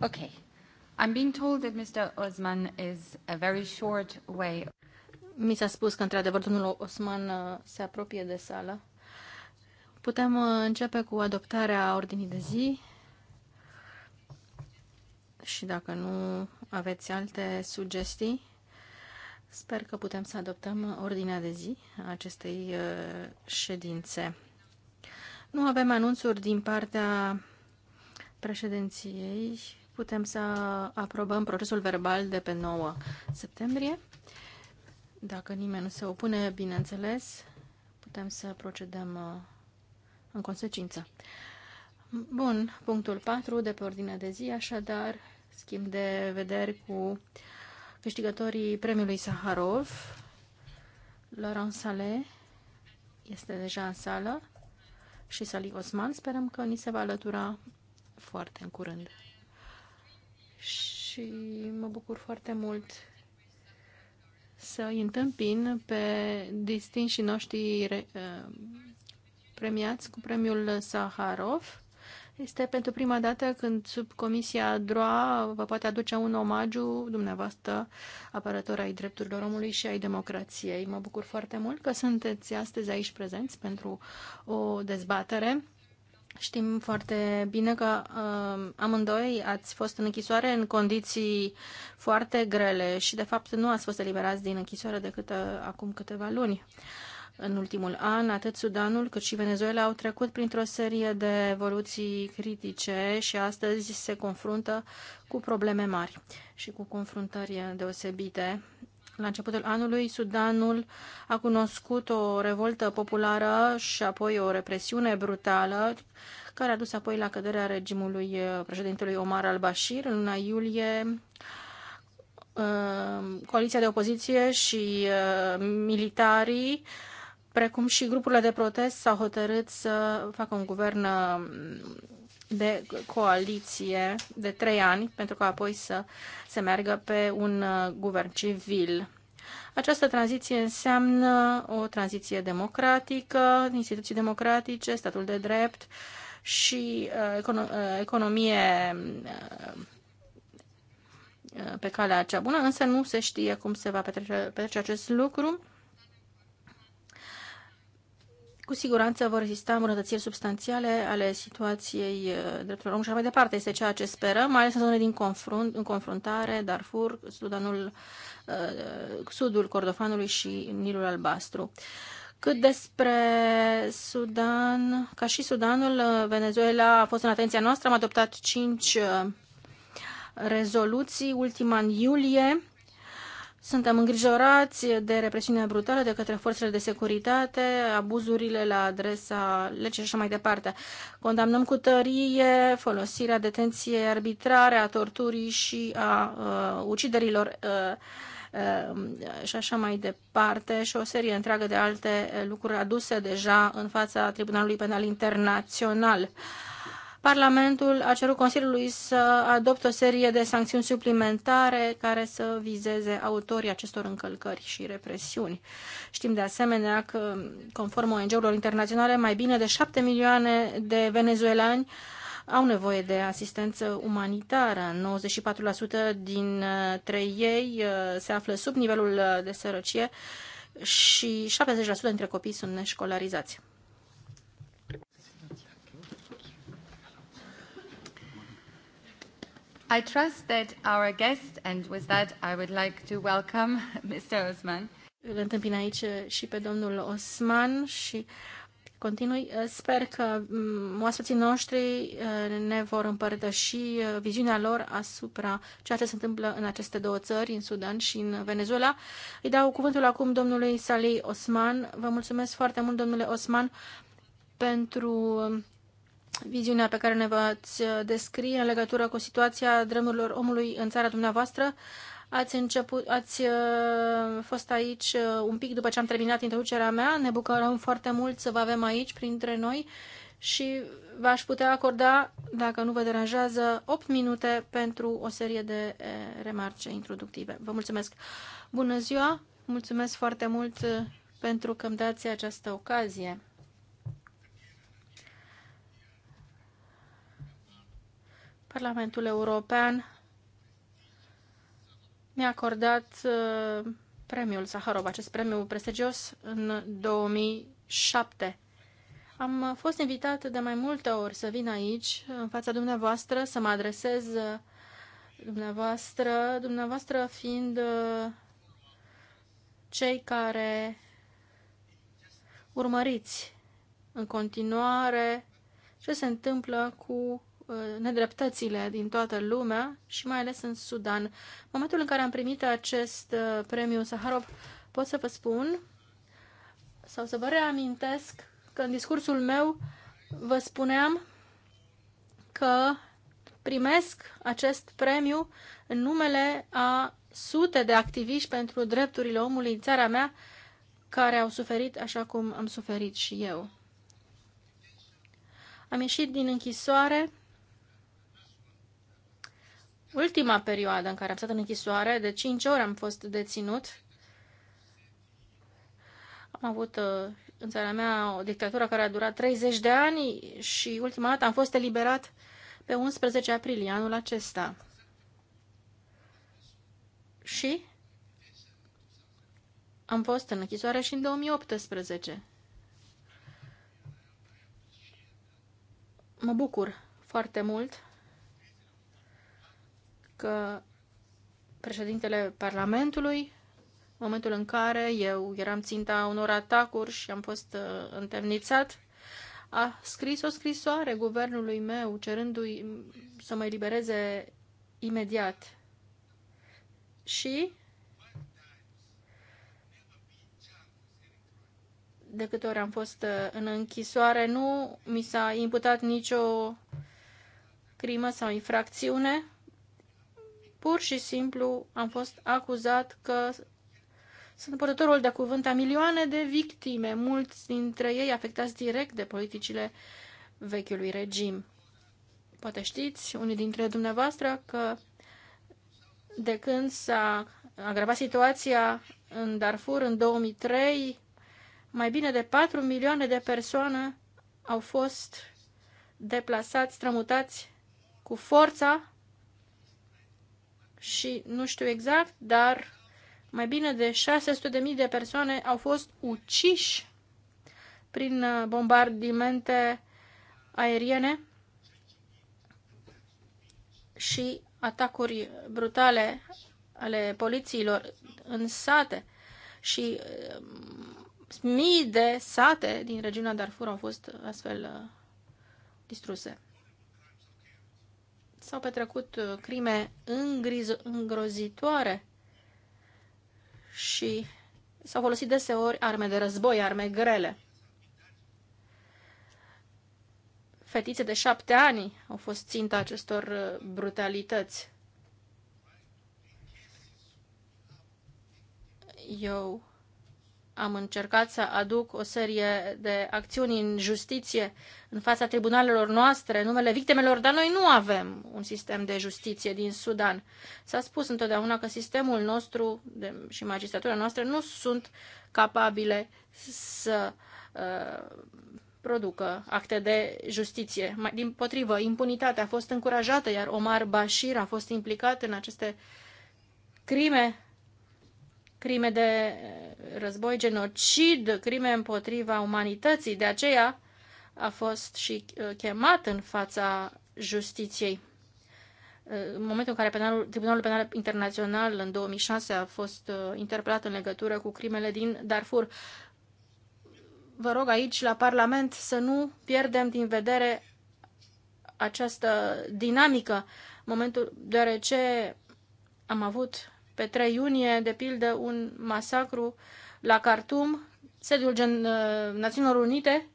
Okay. I'm being told that Mr. Osman is a very short way. Mi s-a spus că, într-adevăr, domnul Osman uh, se apropie de sală. Putem uh, începe cu adoptarea ordinii de zi și dacă nu aveți alte sugestii, sper că putem să adoptăm ordinea de zi a acestei uh, ședințe. Nu avem anunțuri din partea președinției putem să aprobăm procesul verbal de pe 9 septembrie. Dacă nimeni nu se opune, bineînțeles, putem să procedăm uh, în consecință. Bun, punctul 4 de pe ordinea de zi, așadar, schimb de vederi cu câștigătorii premiului Saharov. Laurent Sale este deja în sală și Salih Osman sperăm că ni se va alătura foarte în curând și mă bucur foarte mult să îi întâmpin pe distinși noștri uh, premiați cu premiul Saharov. Este pentru prima dată când sub comisia DROA vă poate aduce un omagiu dumneavoastră apărător ai drepturilor omului și ai democrației. Mă bucur foarte mult că sunteți astăzi aici prezenți pentru o dezbatere Știm foarte bine că uh, amândoi ați fost în închisoare în condiții foarte grele și, de fapt, nu ați fost eliberați din închisoare decât uh, acum câteva luni. În ultimul an, atât Sudanul cât și Venezuela au trecut printr-o serie de evoluții critice și astăzi se confruntă cu probleme mari și cu confruntări deosebite la începutul anului, Sudanul a cunoscut o revoltă populară și apoi o represiune brutală, care a dus apoi la căderea regimului uh, președintelui Omar al-Bashir în luna iulie. Uh, coaliția de opoziție și uh, militarii, precum și grupurile de protest, s-au hotărât să facă un guvern de coaliție de trei ani, pentru că apoi să se meargă pe un uh, guvern civil. Această tranziție înseamnă o tranziție democratică, instituții democratice, statul de drept și uh, uh, economie pe calea cea bună, însă nu se știe cum se va petrece, petrece acest lucru. Cu siguranță vor exista îmbunătățiri substanțiale ale situației uh, drepturilor omului și mai departe. Este ceea ce sperăm, mai ales în zone din confrunt, în confruntare, Darfur, Sudanul, uh, sudul Cordofanului și Nilul Albastru. Cât despre Sudan, ca și Sudanul, uh, Venezuela a fost în atenția noastră, am adoptat cinci rezoluții, ultima în iulie, suntem îngrijorați de represiunea brutală de către forțele de securitate, abuzurile la adresa legii și așa mai departe. Condamnăm cu tărie folosirea detenției arbitrare, a torturii și a uh, uciderilor uh, uh, și așa mai departe și o serie întreagă de alte lucruri aduse deja în fața Tribunalului Penal Internațional. Uh, Parlamentul a cerut Consiliului să adopte o serie de sancțiuni suplimentare care să vizeze autorii acestor încălcări și represiuni. Știm de asemenea că, conform ONG-urilor internaționale, mai bine de șapte milioane de venezuelani au nevoie de asistență umanitară. 94% din trei ei uh, se află sub nivelul uh, de sărăcie și 70% dintre copii sunt neșcolarizați. I trust that our guest, and with that I would like to welcome Mr. Osman. Îl întâmpin aici uh, și pe domnul Osman și continui. Uh, sper că mm, oaspeții noștri uh, ne vor împărtăși viziunea lor asupra ceea ce se întâmplă în aceste două țări, în Sudan și în Venezuela. Îi dau cuvântul acum domnului Salih Osman. Vă mulțumesc foarte mult, domnule Osman, pentru um, viziunea pe care ne v-ați uh, descrie în legătură cu situația drepturilor omului în țara dumneavoastră. Ați, început, ați uh, fost aici uh, un pic după ce am terminat introducerea mea. Ne bucurăm foarte mult să vă avem aici printre noi și v-aș putea acorda, dacă nu vă deranjează, 8 minute pentru o serie de eh, remarce introductive. Vă mulțumesc! Bună ziua! Mulțumesc foarte mult pentru că îmi dați această ocazie. Parlamentul European mi-a acordat uh, premiul Saharov, acest premiu prestigios, în 2007. Am fost invitat de mai multe ori să vin aici, în fața dumneavoastră, să mă adresez uh, dumneavoastră, dumneavoastră fiind uh, cei care urmăriți în continuare ce se întâmplă cu Uh, nedreptățile din toată lumea și mai ales în Sudan. În momentul în care am primit acest uh, premiu Saharov, pot să vă spun sau să vă reamintesc că în discursul meu vă spuneam că primesc acest premiu în numele a sute de activiști pentru drepturile omului în țara mea care au suferit așa cum am suferit și eu. Am ieșit din închisoare ultima perioadă în care am stat în închisoare, de 5 ore am fost deținut. Am avut uh, în țara mea o dictatură care a durat 30 de ani și ultima dată am fost eliberat pe 11 aprilie anul acesta. Și am fost în închisoare și în 2018. Mă bucur foarte mult că președintele Parlamentului, în momentul în care eu eram ținta unor atacuri și am fost uh, întemnițat, a scris o scrisoare guvernului meu cerându-i să mă elibereze imediat. Și de câte ori am fost uh, în închisoare, nu mi s-a imputat nicio crimă sau infracțiune Pur și simplu am fost acuzat că sunt purtătorul de cuvânt a milioane de victime, mulți dintre ei afectați direct de politicile vechiului regim. Poate știți, unii dintre dumneavoastră, că de când s-a agravat situația în Darfur în 2003, mai bine de 4 milioane de persoane au fost deplasați, strămutați cu forța și nu știu exact, dar mai bine de 600.000 de persoane au fost uciși prin uh, bombardimente aeriene și atacuri brutale ale polițiilor în sate și uh, mii de sate din regiunea Darfur au fost uh, astfel distruse. S-au petrecut uh, crime îngriz- îngrozitoare și s-au folosit deseori arme de război, arme grele. Fetițe de șapte ani au fost ținta acestor uh, brutalități. Eu am încercat să aduc o serie de acțiuni în justiție în fața tribunalelor noastre, numele victimelor, dar noi nu avem un sistem de justiție din Sudan. S-a spus întotdeauna că sistemul nostru de, și magistratura noastră nu sunt capabile să uh, producă acte de justiție. Mai, din potrivă, impunitatea a fost încurajată, iar Omar Bashir a fost implicat în aceste crime crime de eh, război, genocid, crime împotriva umanității. De aceea a fost și eh, chemat în fața justiției. Eh, în momentul în care penalul, Tribunalul Penal Internațional în 2006 a fost interpelat în legătură cu crimele din Darfur, vă rog aici la Parlament să nu pierdem din vedere această dinamică, momentul deoarece am avut pe 3 iunie, de pildă, un masacru la Khartoum, sediul gen, uh, Națiunilor Unite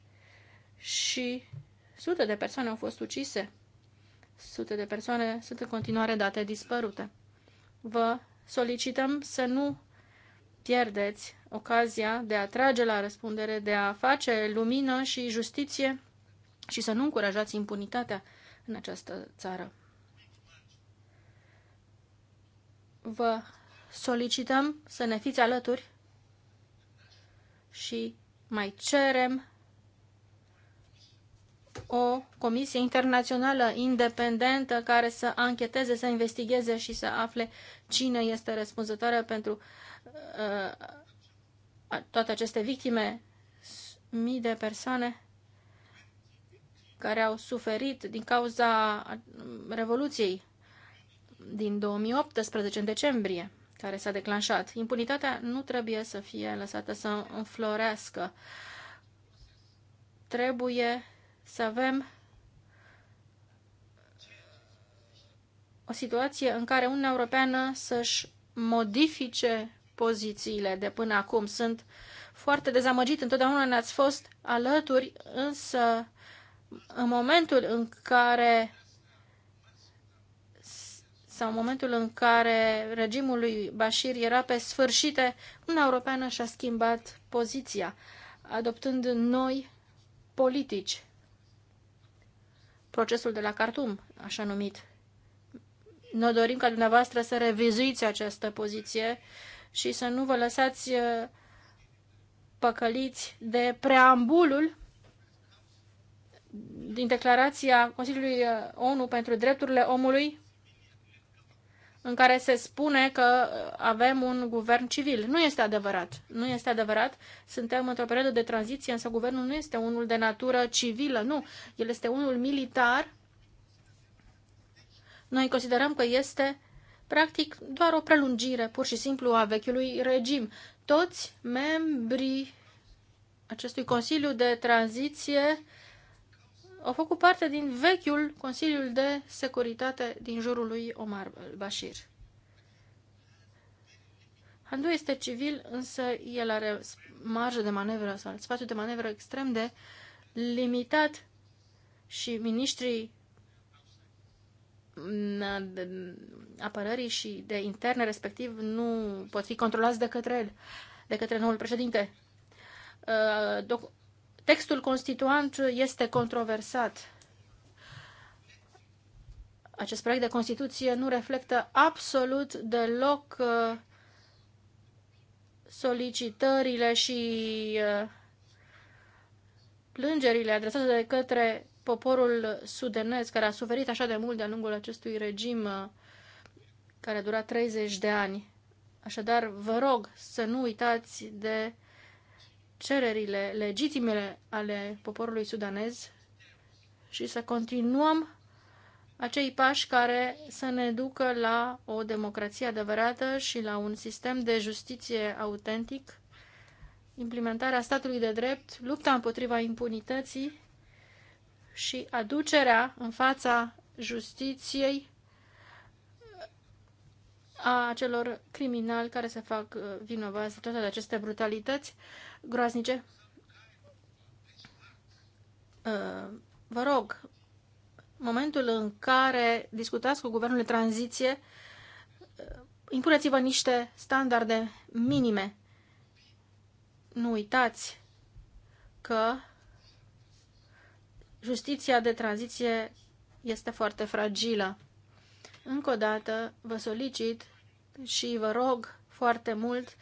și sute de persoane au fost ucise. Sute de persoane sunt în continuare date dispărute. Vă solicităm să nu pierdeți ocazia de a trage la răspundere, de a face lumină și justiție și să nu încurajați impunitatea în această țară. vă solicităm să ne fiți alături și mai cerem o comisie internațională independentă care să ancheteze, să investigheze și să afle cine este răspunzătoare pentru uh, toate aceste victime, mii de persoane care au suferit din cauza Revoluției din 2018, în decembrie, care s-a declanșat. Impunitatea nu trebuie să fie lăsată să înflorească. Trebuie să avem o situație în care Uniunea Europeană să-și modifice pozițiile de până acum. Sunt foarte dezamăgit, întotdeauna ne-ați fost alături, însă în momentul în care sau în momentul în care regimul lui Bashir era pe sfârșite, Uniunea Europeană și-a schimbat poziția, adoptând noi politici. Procesul de la Khartoum, așa numit. Noi dorim ca dumneavoastră să revizuiți această poziție și să nu vă lăsați uh, păcăliți de preambulul din declarația Consiliului uh, ONU pentru drepturile omului în care se spune că avem un guvern civil. Nu este adevărat. Nu este adevărat. Suntem într-o perioadă de tranziție, însă guvernul nu este unul de natură civilă, nu. El este unul militar. Noi considerăm că este practic doar o prelungire, pur și simplu, a vechiului regim. Toți membrii acestui Consiliu de Tranziție au făcut parte din vechiul Consiliul de Securitate din jurul lui Omar Bashir. Handu este civil, însă el are marjă de manevră sau spațiu de manevră extrem de limitat și ministrii apărării și de interne respectiv nu pot fi controlați de către el, de către noul președinte. Uh, Textul constituant este controversat. Acest proiect de Constituție nu reflectă absolut deloc uh, solicitările și uh, plângerile adresate de către poporul sudenez care a suferit așa de mult de-a lungul acestui regim uh, care a durat 30 de ani. Așadar, vă rog să nu uitați de cererile legitime ale poporului sudanez și să continuăm acei pași care să ne ducă la o democrație adevărată și la un sistem de justiție autentic, implementarea statului de drept, lupta împotriva impunității și aducerea în fața justiției a celor criminali care se fac uh, vinovați de toate aceste brutalități groaznice. Uh, vă rog, momentul în care discutați cu guvernul de tranziție, uh, impuneți-vă niște standarde minime. Nu uitați că justiția de tranziție este foarte fragilă. Încă o dată vă solicit și vă rog foarte mult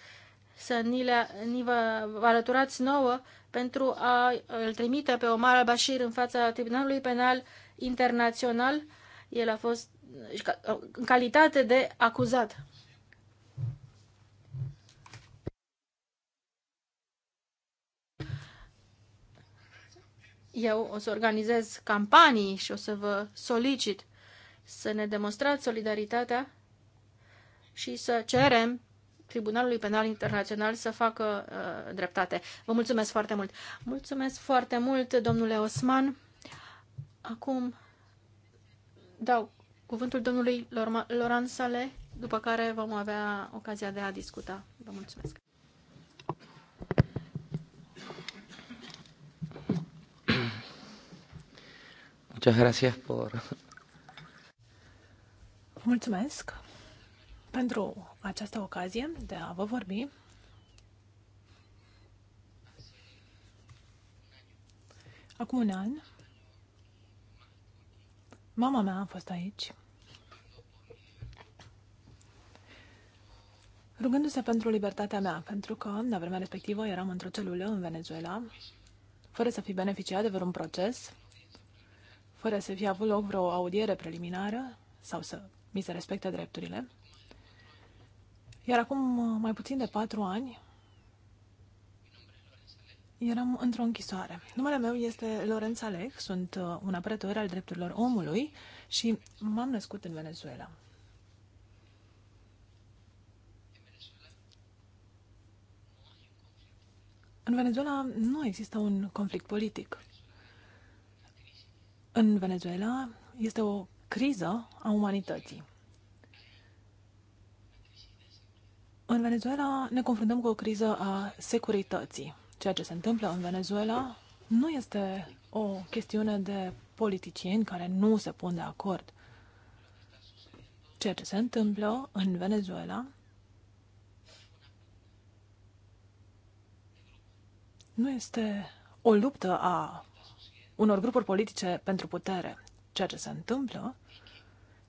să ni, le, ni vă, alăturați nouă pentru a îl trimite pe Omar al-Bashir în fața Tribunalului Penal Internațional. El a fost în calitate de acuzat. Eu o să organizez campanii și o să vă solicit să ne demonstrați solidaritatea și să cerem Tribunalului Penal Internațional să facă uh, dreptate. Vă mulțumesc foarte mult. Mulțumesc foarte mult, domnule Osman. Acum dau cuvântul domnului Loran Sale, după care vom avea ocazia de a discuta. Vă mulțumesc. Muchas gracias por... Mulțumesc pentru această ocazie de a vă vorbi. Acum un an, mama mea a fost aici, rugându-se pentru libertatea mea, pentru că, la vremea respectivă, eram într-o celulă în Venezuela, fără să fi beneficiat de vreun proces, fără să fi avut loc vreo audiere preliminară sau să mi se respecte drepturile. Iar acum uh, mai puțin de patru ani eram într-o închisoare. Numele meu este Lorenz Alec, sunt uh, un apărător al drepturilor omului și m-am născut în Venezuela. În Venezuela nu există un conflict politic. În Venezuela este o criză a umanității. În Venezuela ne confruntăm cu o criză a securității. Ceea ce se întâmplă în Venezuela nu este o chestiune de politicieni care nu se pun de acord. Ceea ce se întâmplă în Venezuela nu este o luptă a unor grupuri politice pentru putere. Ceea ce se întâmplă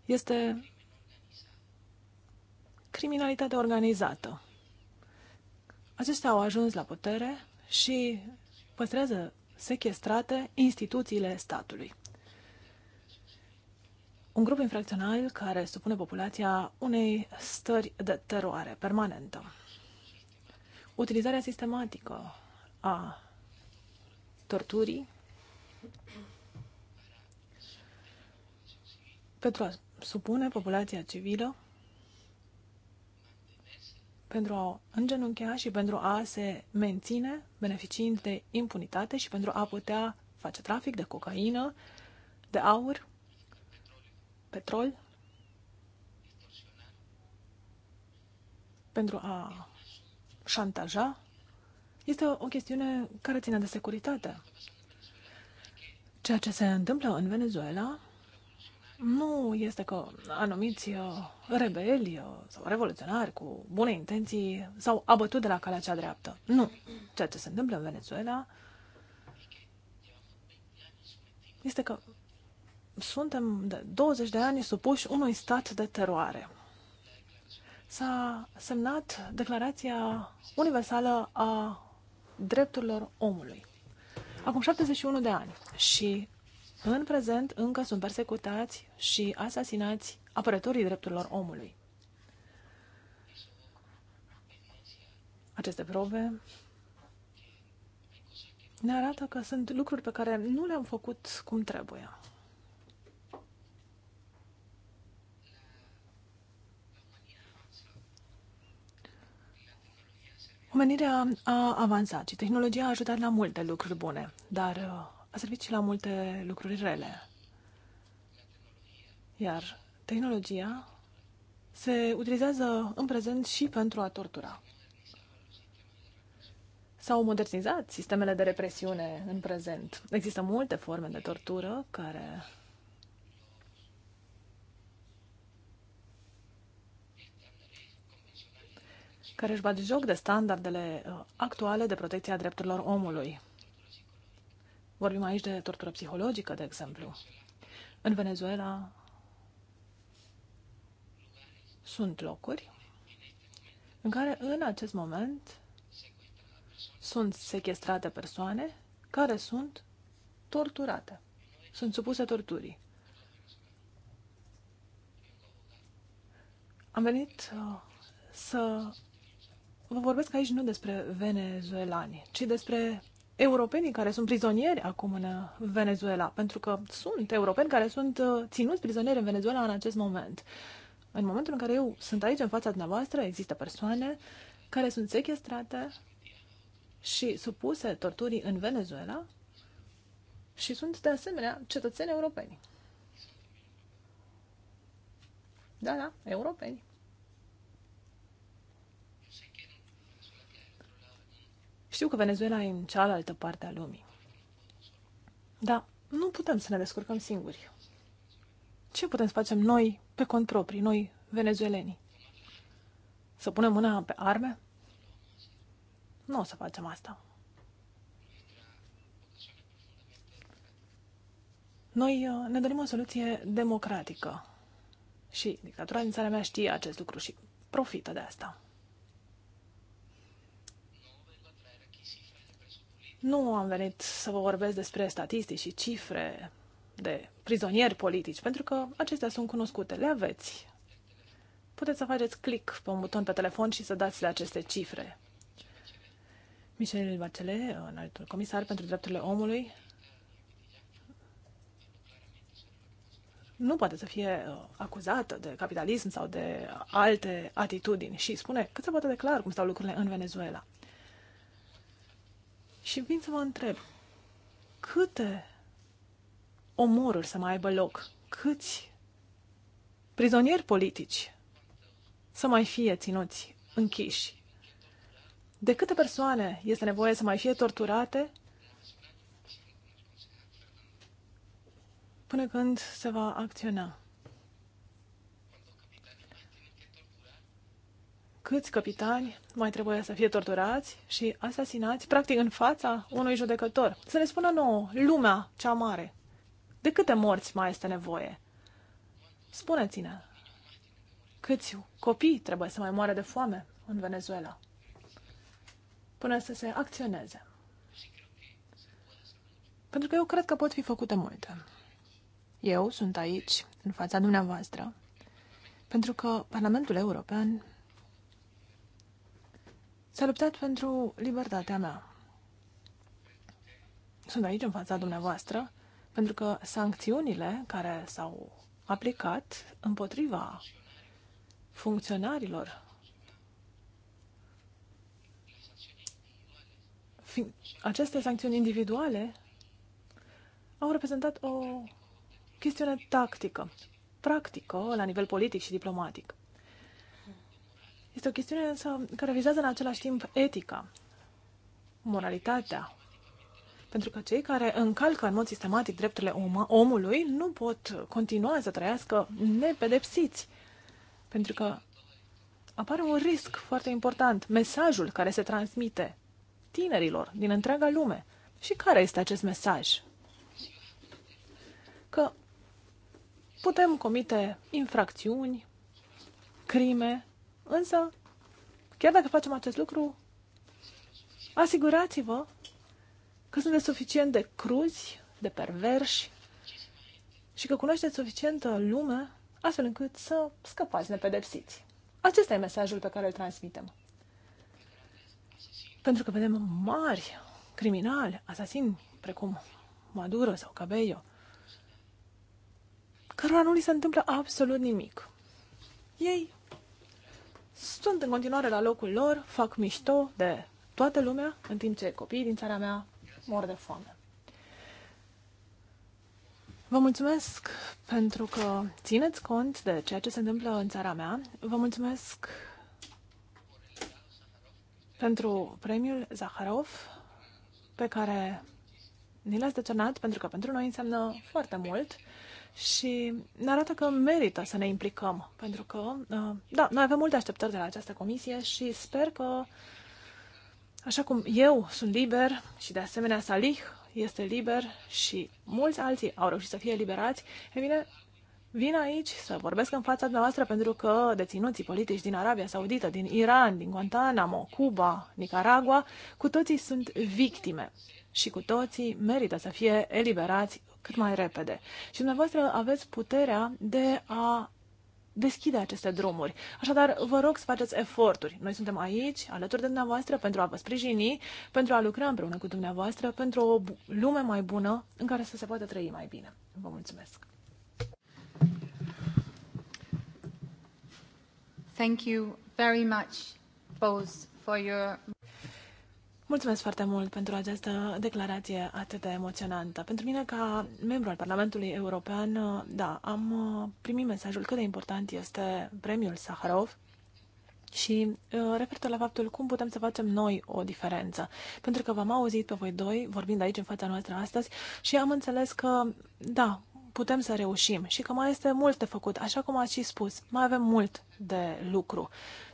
este criminalitatea organizată. Acestea au ajuns la putere și păstrează sechestrate instituțiile statului. Un grup infracțional care supune populația unei stări de teroare permanentă. Utilizarea sistematică a torturii pentru a supune populația civilă pentru a îngenunchea și pentru a se menține beneficiind de impunitate și pentru a putea face trafic de cocaină, de aur, petrol, pentru a șantaja, este o chestiune care ține de securitate. Ceea ce se întâmplă în Venezuela nu este că anumiți uh, rebeli uh, sau revoluționari cu bune intenții s-au abătut de la calea cea dreaptă. Nu. Ceea ce se întâmplă în Venezuela este că suntem de 20 de ani supuși unui stat de teroare. S-a semnat Declarația Universală a Drepturilor Omului. Acum 71 de ani și în prezent încă sunt persecutați și asasinați apărătorii drepturilor omului. Aceste probe ne arată că sunt lucruri pe care nu le-am făcut cum trebuie. Omenirea a avansat și tehnologia a ajutat la multe lucruri bune, dar uh, a servit și la multe lucruri rele. Iar tehnologia se utilizează în prezent și pentru a tortura. S-au modernizat sistemele de represiune în prezent. Există multe forme de tortură care care își bat joc de standardele uh, actuale de protecție a drepturilor omului. Vorbim aici de tortură psihologică, de exemplu. În Venezuela sunt locuri în care în acest moment sunt sequestrate persoane care sunt torturate, sunt supuse torturii. Am venit uh, să vă vorbesc aici nu despre venezuelani, ci despre europenii care sunt prizonieri acum în uh, Venezuela, pentru că sunt europeni care sunt uh, ținuți prizonieri în Venezuela în acest moment. În momentul în care eu sunt aici în fața dumneavoastră, există persoane care sunt sequestrate și supuse torturii în Venezuela și sunt de asemenea cetățeni europeni. Da, da, europeni. Știu că Venezuela e în cealaltă parte a lumii. Dar nu putem să ne descurcăm singuri. Ce putem să facem noi pe cont proprii, noi venezuelenii? Să punem mâna pe arme? Nu o să facem asta. Noi uh, ne dorim o soluție democratică. Și dictatura din țara mea știe acest lucru și profită de asta. Nu am venit să vă vorbesc despre statistici și cifre de prizonieri politici, pentru că acestea sunt cunoscute, le aveți. Puteți să faceți click pe un buton pe telefon și să dați la aceste cifre. Michel Bachelet, înaltul comisar pentru drepturile omului, nu poate să fie uh, acuzată de capitalism sau de alte atitudini și spune cât se poate declara cum stau lucrurile în Venezuela. Și vin să vă întreb, câte omoruri să mai aibă loc? Câți prizonieri politici să mai fie ținuți închiși? De câte persoane este nevoie să mai fie torturate până când se va acționa? câți capitani mai trebuie să fie torturați și asasinați, practic în fața unui judecător. Să ne spună nouă, lumea cea mare, de câte morți mai este nevoie? Spuneți-ne, câți copii trebuie să mai moare de foame în Venezuela până să se acționeze? Pentru că eu cred că pot fi făcute multe. Eu sunt aici, în fața dumneavoastră, pentru că Parlamentul European S-a luptat pentru libertatea mea. Sunt aici în fața dumneavoastră pentru că sancțiunile care s-au aplicat împotriva funcționarilor aceste sancțiuni individuale au reprezentat o chestiune tactică, practică, la nivel politic și diplomatic. Este o chestiune însă care vizează în același timp etica, moralitatea. Pentru că cei care încalcă în mod sistematic drepturile om- omului nu pot continua să trăiască nepedepsiți. Pentru că apare un risc foarte important, mesajul care se transmite tinerilor din întreaga lume. Și care este acest mesaj? Că putem comite infracțiuni, crime, Însă, chiar dacă facem acest lucru, asigurați-vă că sunteți suficient de cruzi, de perverși și că cunoașteți suficientă lume astfel încât să scăpați nepedepsiți. Acesta e mesajul pe care îl transmitem. Pentru că vedem mari criminali, asasini, precum Maduro sau Cabello, cărora nu li se întâmplă absolut nimic. Ei sunt în continuare la locul lor, fac mișto de toată lumea, în timp ce copiii din țara mea mor de foame. Vă mulțumesc pentru că țineți cont de ceea ce se întâmplă în țara mea. Vă mulțumesc pentru premiul Zaharov pe care ni l-ați deturnat, pentru că pentru noi înseamnă foarte mult și ne arată că merită să ne implicăm, pentru că, uh, da, noi avem multe așteptări de la această comisie și sper că, așa cum eu sunt liber și de asemenea Salih este liber și mulți alții au reușit să fie liberați, e bine, vin aici să vorbesc în fața dumneavoastră pentru că deținuții politici din Arabia Saudită, din Iran, din Guantanamo, Cuba, Nicaragua, cu toții sunt victime și cu toții merită să fie eliberați cât mai repede. Și dumneavoastră aveți puterea de a deschide aceste drumuri. Așadar, vă rog să faceți eforturi. Noi suntem aici, alături de dumneavoastră, pentru a vă sprijini, pentru a lucra împreună cu dumneavoastră, pentru o lume mai bună în care să se poată trăi mai bine. Vă mulțumesc! Thank you very much, both for your... Mulțumesc foarte mult pentru această declarație atât de emoționantă. Pentru mine, ca membru al Parlamentului European, da, am uh, primit mesajul cât de important este premiul Saharov și uh, referitor la faptul cum putem să facem noi o diferență. Pentru că v-am auzit pe voi doi vorbind aici în fața noastră astăzi și am înțeles că, da, putem să reușim și că mai este mult de făcut, așa cum ați și spus, mai avem mult de lucru.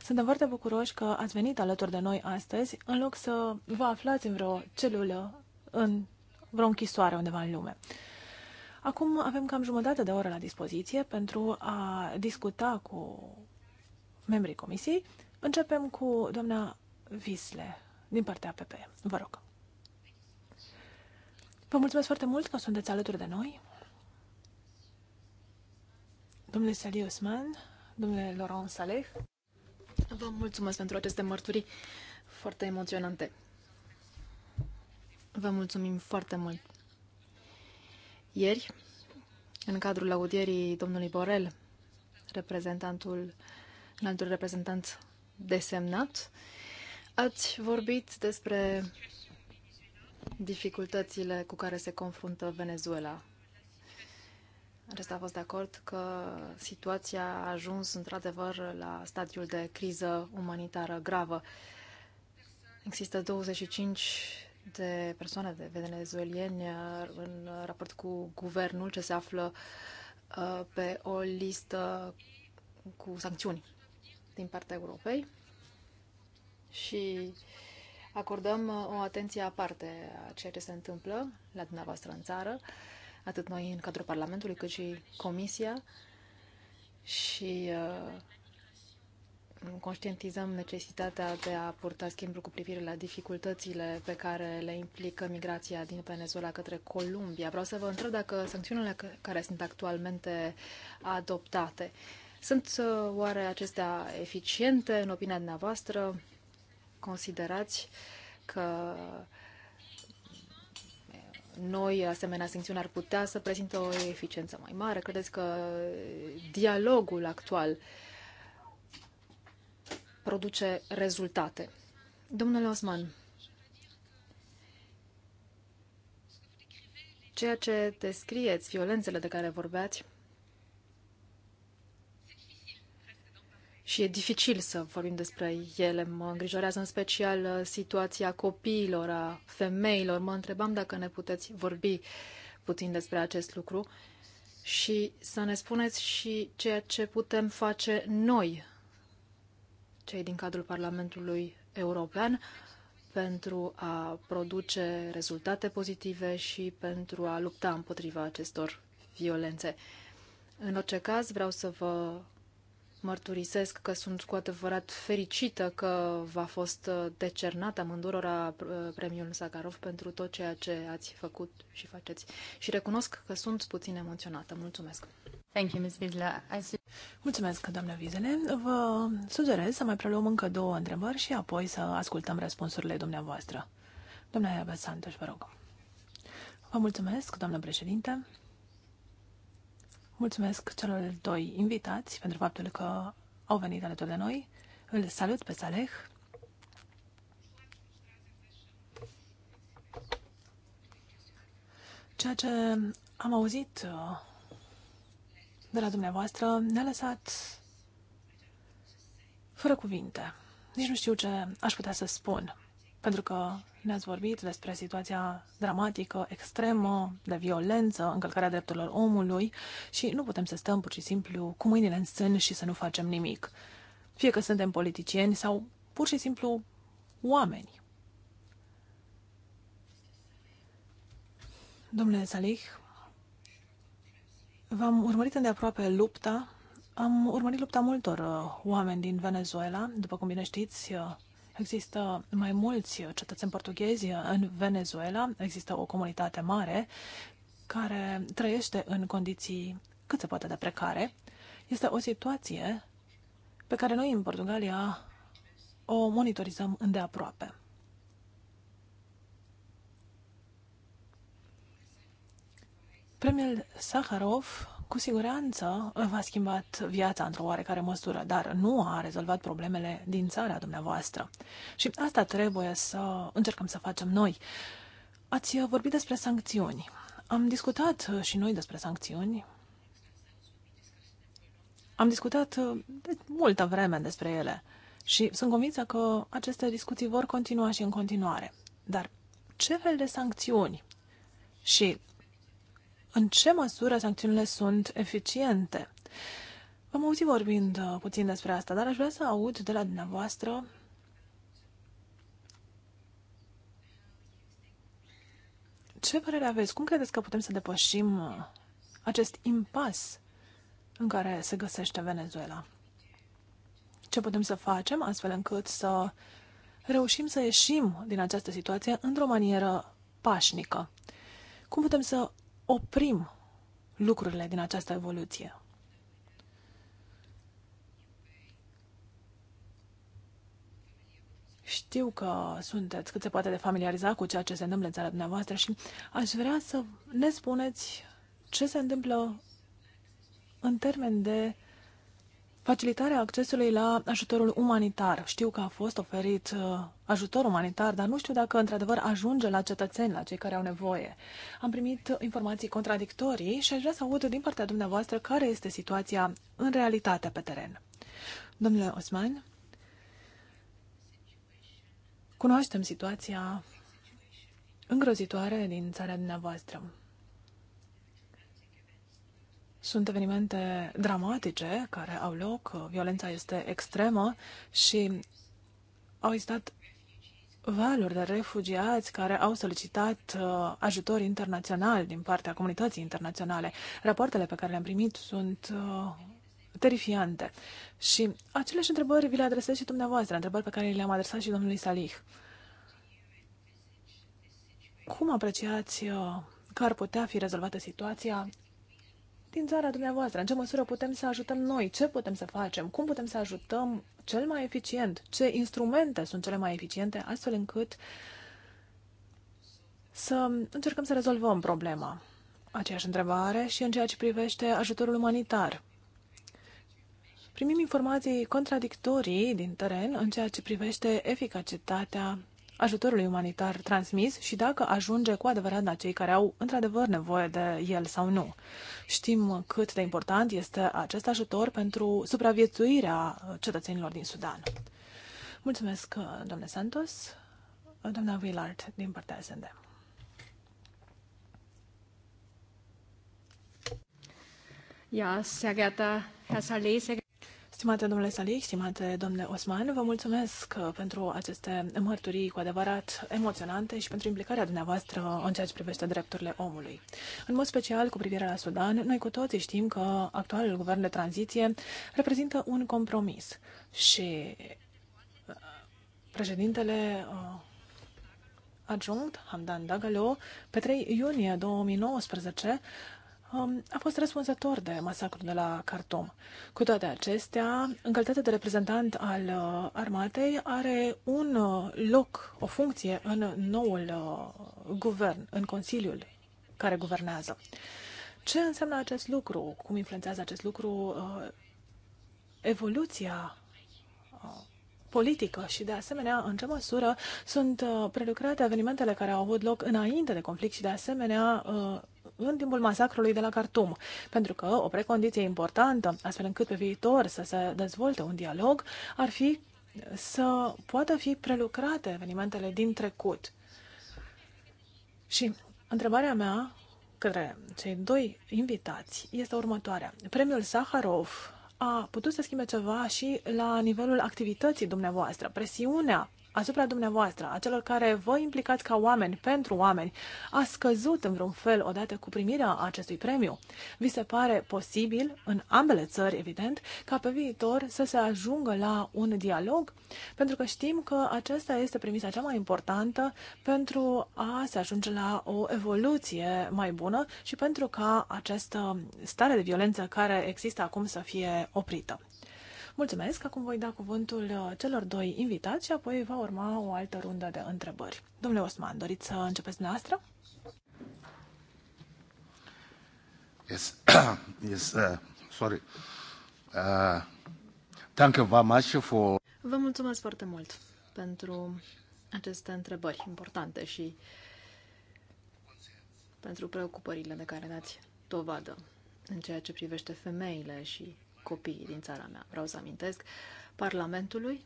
Suntem foarte bucuroși că ați venit alături de noi astăzi, în loc să vă aflați în vreo celulă, în vreo închisoare undeva în lume. Acum avem cam jumătate de oră la dispoziție pentru a discuta cu membrii comisiei. Începem cu doamna Visle, din partea PP. Vă rog. Vă mulțumesc foarte mult că sunteți alături de noi. Domnule Osman, domnule Laurent Saleh, vă mulțumesc pentru aceste mărturii foarte emoționante. Vă mulțumim foarte mult. Ieri, în cadrul audierii domnului Borel, reprezentantul, înaltul reprezentant desemnat, ați vorbit despre dificultățile cu care se confruntă Venezuela Resta a fost de acord că situația a ajuns într-adevăr la stadiul de criză umanitară gravă. Există 25 de persoane de venezuelieni uh, în raport cu guvernul ce se află uh, pe o listă cu sancțiuni din partea Europei și acordăm uh, o atenție aparte a ceea ce se întâmplă la dumneavoastră în țară atât noi în cadrul Parlamentului, cât și Comisia și uh, conștientizăm necesitatea de a purta schimbul cu privire la dificultățile pe care le implică migrația din Venezuela către Columbia. Vreau să vă întreb dacă sancțiunile care sunt actualmente adoptate sunt uh, oare acestea eficiente în opinia dumneavoastră? Considerați că uh, noi asemenea sancțiuni ar putea să prezinte o eficiență mai mare? Credeți că dialogul actual produce rezultate? Domnule Osman, ceea ce descrieți, violențele de care vorbeați, și e dificil să vorbim despre ele. Mă îngrijorează în special uh, situația copiilor, a femeilor. Mă întrebam dacă ne puteți vorbi puțin despre acest lucru și să ne spuneți și ceea ce putem face noi, cei din cadrul Parlamentului European, pentru a produce rezultate pozitive și pentru a lupta împotriva acestor violențe. În orice caz, vreau să vă Mărturisesc că sunt cu adevărat fericită că v-a fost uh, decernat amândurora uh, premiul Sakharov pentru tot ceea ce ați făcut și faceți. Și recunosc că sunt puțin emoționată. Mulțumesc! Thank you, Ms. Mulțumesc, doamna Vizele. Vă sugerez să mai preluăm încă două întrebări și apoi să ascultăm răspunsurile dumneavoastră. Doamna Iabe Santos, vă rog. Vă mulțumesc, doamnă președinte. Mulțumesc celor doi invitați pentru faptul că au venit alături de noi. Îl salut pe Saleh. Ceea ce am auzit uh, de la dumneavoastră ne-a lăsat fără cuvinte. Nici nu știu ce aș putea să spun pentru că ne-ați vorbit despre situația dramatică, extremă, de violență, încălcarea drepturilor omului și nu putem să stăm pur și simplu cu mâinile în sân și să nu facem nimic. Fie că suntem politicieni sau pur și simplu oameni. Domnule Salih, v-am urmărit îndeaproape lupta. Am urmărit lupta multor uh, oameni din Venezuela. După cum bine știți, uh, Există mai mulți cetățeni portughezi în Venezuela, există o comunitate mare care trăiește în condiții cât se poate de precare. Este o situație pe care noi în Portugalia o monitorizăm îndeaproape. Premiul Saharov cu siguranță v-a schimbat viața într-o oarecare măsură, dar nu a rezolvat problemele din țara dumneavoastră. Și asta trebuie să încercăm să facem noi. Ați vorbit despre sancțiuni. Am discutat și noi despre sancțiuni. Am discutat de multă vreme despre ele și sunt convinsă că aceste discuții vor continua și în continuare. Dar ce fel de sancțiuni și în ce măsură sancțiunile sunt eficiente. Vom auzi vorbind uh, puțin despre asta, dar aș vrea să aud de la dumneavoastră ce părere aveți? Cum credeți că putem să depășim uh, acest impas în care se găsește Venezuela? Ce putem să facem astfel încât să reușim să ieșim din această situație într-o manieră pașnică? Cum putem să oprim lucrurile din această evoluție. Știu că sunteți cât se poate de familiarizat cu ceea ce se întâmplă în țara dumneavoastră și aș vrea să ne spuneți ce se întâmplă în termen de Facilitarea accesului la ajutorul umanitar. Știu că a fost oferit uh, ajutor umanitar, dar nu știu dacă într-adevăr ajunge la cetățeni, la cei care au nevoie. Am primit informații contradictorii și aș vrea să aud din partea dumneavoastră care este situația în realitate pe teren. Domnule Osman, cunoaștem situația îngrozitoare din țara dumneavoastră. Sunt evenimente dramatice care au loc, violența este extremă și au existat valuri de refugiați care au solicitat uh, ajutor internațional din partea comunității internaționale. Rapoartele pe care le-am primit sunt uh, terifiante. Și aceleași întrebări vi le adresez și dumneavoastră, întrebări pe care le-am adresat și domnului Salih. Cum apreciați uh, că ar putea fi rezolvată situația din țara dumneavoastră, în ce măsură putem să ajutăm noi, ce putem să facem, cum putem să ajutăm cel mai eficient, ce instrumente sunt cele mai eficiente, astfel încât să încercăm să rezolvăm problema. Aceeași întrebare și în ceea ce privește ajutorul umanitar. Primim informații contradictorii din teren în ceea ce privește eficacitatea ajutorului umanitar transmis și dacă ajunge cu adevărat la cei care au într-adevăr nevoie de el sau nu. Știm cât de important este acest ajutor pentru supraviețuirea cetățenilor din Sudan. Mulțumesc, domnule Santos. Doamna Willard, din partea SND. Ja, sehr geehrter Herr Saleh, sehr Stimate domnule Salih, stimate domnule Osman, vă mulțumesc uh, pentru aceste mărturii cu adevărat emoționante și pentru implicarea dumneavoastră în ceea ce privește drepturile omului. În mod special, cu privire la Sudan, noi cu toții știm că actualul guvern de tranziție reprezintă un compromis și uh, președintele uh, adjunct Hamdan Dagalo pe 3 iunie 2019 Um, a fost răspunzător de masacrul de la Khartoum. Cu toate acestea, în calitate de reprezentant al uh, armatei, are un uh, loc, o funcție în noul uh, guvern, în Consiliul care guvernează. Ce înseamnă acest lucru? Cum influențează acest lucru evoluția politică și, de asemenea, în ce măsură sunt prelucrate evenimentele care au avut loc înainte de conflict și, de asemenea, în timpul masacrului de la Khartoum, pentru că o precondiție importantă, astfel încât pe viitor să se dezvolte un dialog, ar fi să poată fi prelucrate evenimentele din trecut. Și întrebarea mea către cei doi invitați este următoarea. Premiul Saharov a putut să schimbe ceva și la nivelul activității dumneavoastră. Presiunea asupra dumneavoastră, a celor care vă implicați ca oameni pentru oameni, a scăzut în vreun fel odată cu primirea acestui premiu? Vi se pare posibil, în ambele țări, evident, ca pe viitor să se ajungă la un dialog? Pentru că știm că aceasta este premisa cea mai importantă pentru a se ajunge la o evoluție mai bună și pentru ca această stare de violență care există acum să fie oprită. Mulțumesc! Acum voi da cuvântul uh, celor doi invitați și apoi va urma o altă rundă de întrebări. Domnule Osman, doriți să începeți noastră? Yes, yes, uh, sorry. Uh, very much for... Vă mulțumesc foarte mult pentru aceste întrebări importante și pentru preocupările de care dați dovadă în ceea ce privește femeile și copiii din țara mea. Vreau să amintesc Parlamentului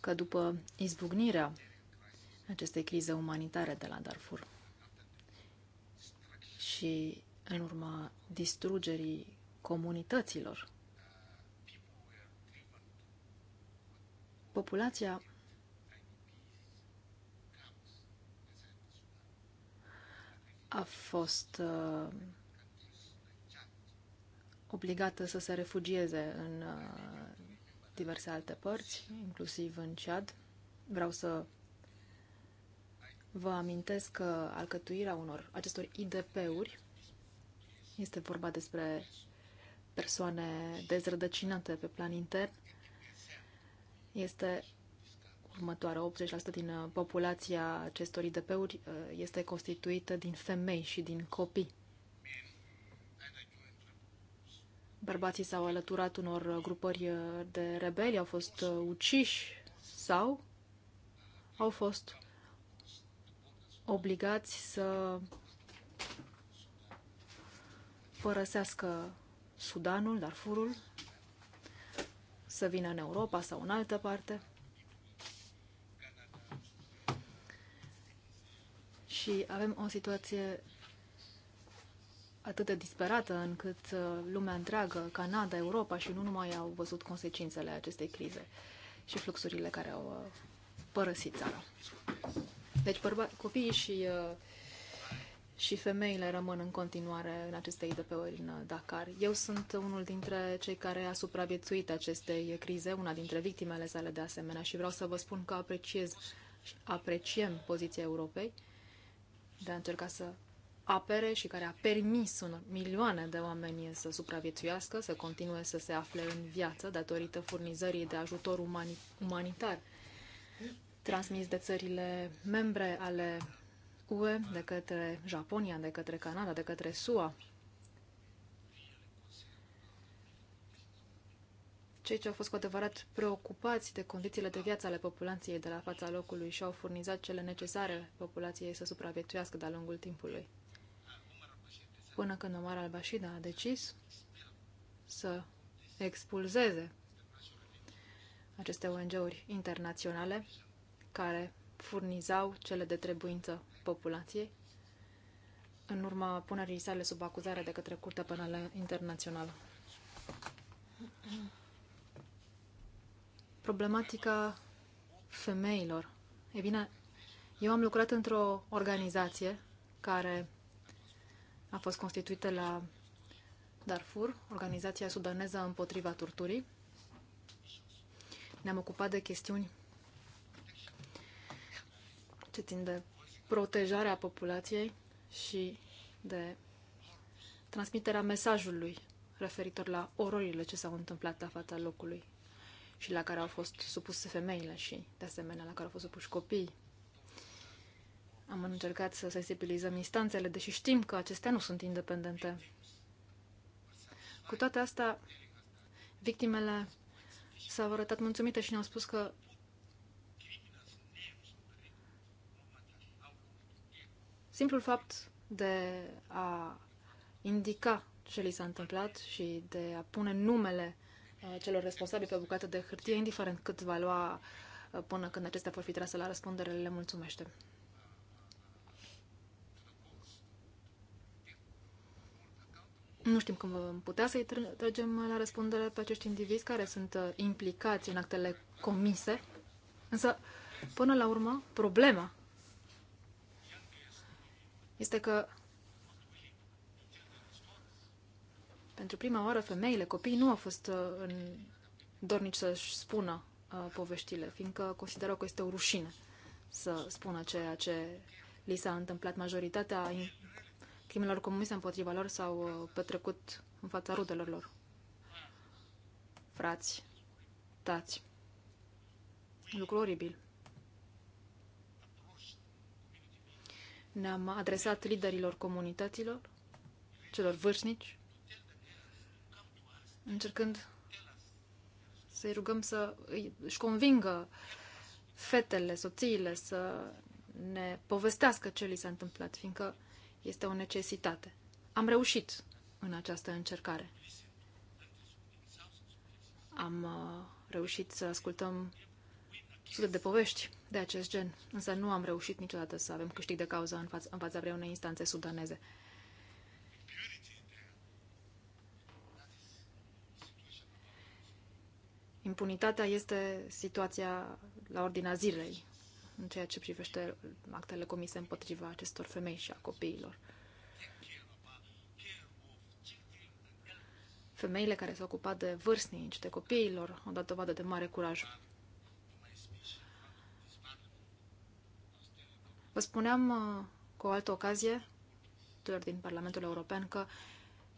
că după izbucnirea acestei crize umanitare de la Darfur și în urma distrugerii comunităților, populația a fost uh, obligată să se refugieze în uh, diverse alte părți, inclusiv în Chad. Vreau să vă amintesc că alcătuirea unor acestor IDP-uri este vorba despre persoane dezrădăcinate pe plan intern. Este următoarea, 80% din uh, populația acestor IDP-uri uh, este constituită din femei și din copii. bărbații s-au alăturat unor grupări uh, de rebeli, au fost uh, uciși sau au fost obligați să părăsească Sudanul, Darfurul, să vină în Europa sau în altă parte. Și avem o situație atât de disperată încât uh, lumea întreagă, Canada, Europa și nu numai au văzut consecințele acestei crize și fluxurile care au uh, părăsit țara. Deci bărba- copiii și, uh, și femeile rămân în continuare în aceste IDP-uri în Dakar. Eu sunt unul dintre cei care a supraviețuit acestei crize, una dintre victimele sale de asemenea și vreau să vă spun că apreciez apreciem poziția Europei de a încerca să apere și care a permis un milioane de oameni să supraviețuiască, să continue să se afle în viață datorită furnizării de ajutor umani- umanitar transmis de țările membre ale UE, de către Japonia, de către Canada, de către SUA. Cei ce au fost cu adevărat preocupați de condițiile de viață ale populației de la fața locului și au furnizat cele necesare populației să supraviețuiască de-a lungul timpului până când Omar al bashida a decis să expulzeze aceste ONG-uri internaționale care furnizau cele de trebuință populației în urma punerii sale sub acuzare de către Curtea Penală Internațională. Problematica femeilor. E bine, eu am lucrat într-o organizație care a fost constituită la Darfur, organizația sudaneză împotriva torturii. Ne-am ocupat de chestiuni ce țin de protejarea populației și de transmiterea mesajului referitor la ororile ce s-au întâmplat la fața locului și la care au fost supuse femeile și, de asemenea, la care au fost supuși copiii. Am încercat să sensibilizăm instanțele, deși știm că acestea nu sunt independente. Cu toate astea, victimele s-au arătat mulțumite și ne-au spus că simplul fapt de a indica ce li s-a întâmplat și de a pune numele uh, celor responsabili pe o bucată de hârtie, indiferent cât va lua uh, până când acestea vor fi trase la răspundere, le mulțumește. Nu știm cum vom putea să-i tragem la răspundere pe acești indivizi care sunt uh, implicați în actele comise, însă, până la urmă, problema este că pentru prima oară femeile, copiii nu au fost uh, în dornici să-și spună uh, poveștile, fiindcă considerau că este o rușine să spună ceea ce li s-a întâmplat. Majoritatea crimelor comise împotriva lor sau uh, petrecut în fața rudelor lor. Frați, tați. Lucru oribil. Ne-am adresat liderilor comunităților, celor vârșnici, încercând să-i rugăm să își convingă fetele, soțiile, să ne povestească ce li s-a întâmplat, fiindcă este o necesitate. Am reușit în această încercare. Am uh, reușit să ascultăm sute de povești de acest gen, însă nu am reușit niciodată să avem câștig de cauză în, faț- în fața vreunei instanțe sudaneze. Impunitatea este situația la ordinea zilei în ceea ce privește actele comise împotriva acestor femei și a copiilor. Femeile care s-au ocupat de vârstnici, de copiilor, au dat dovadă de mare curaj. Vă spuneam uh, cu o altă ocazie, doar din Parlamentul European, că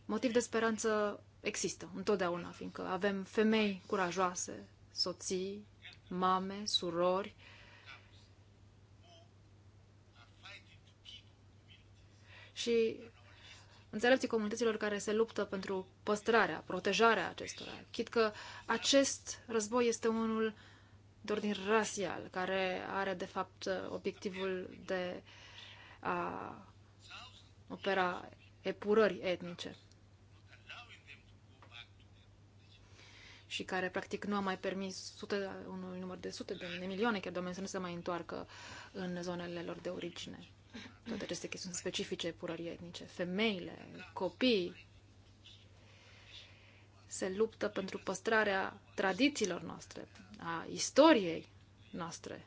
motiv de speranță există întotdeauna, fiindcă avem femei curajoase, soții, mame, surori, și înțelepții comunităților care se luptă pentru păstrarea, protejarea acestora. Chit că acest război este unul de ordin rasial, care are, de fapt, obiectivul de a opera epurări etnice și care, practic, nu a mai permis sute, unui număr de sute de milioane, chiar de oameni, să nu se mai întoarcă în zonele lor de origine toate aceste chestiuni specifice purării etnice, femeile, copii, se luptă pentru păstrarea tradițiilor noastre, a istoriei noastre.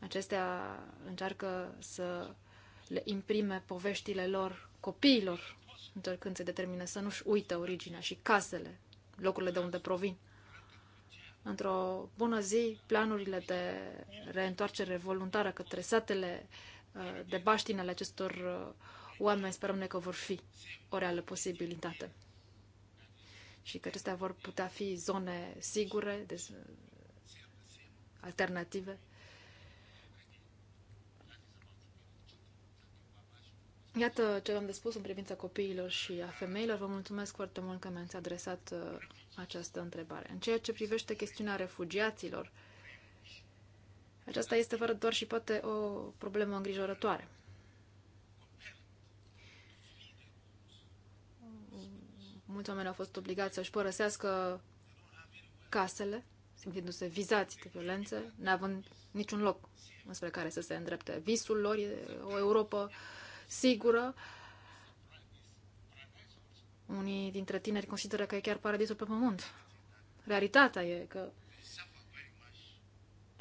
Acestea încearcă să le imprime poveștile lor copiilor, încercând să determine să nu-și uită originea și casele, locurile de unde provin. Într-o bună zi, planurile de reîntoarcere voluntară către satele uh, de baștinele acestor uh, oameni sperăm noi că vor fi o reală posibilitate și că acestea vor putea fi zone sigure, deci alternative. Iată ce am de spus în privința copiilor și a femeilor. Vă mulțumesc foarte mult că mi-ați adresat uh, această întrebare. În ceea ce privește chestiunea refugiaților, uh, aceasta este fără doar și poate o problemă îngrijorătoare. Mulți oameni au fost obligați să-și părăsească casele, simțindu-se vizați de violențe, neavând niciun loc înspre care să se îndrepte. Visul lor e o Europa sigură. Unii dintre tineri consideră că e chiar paradisul pe pământ. Realitatea e că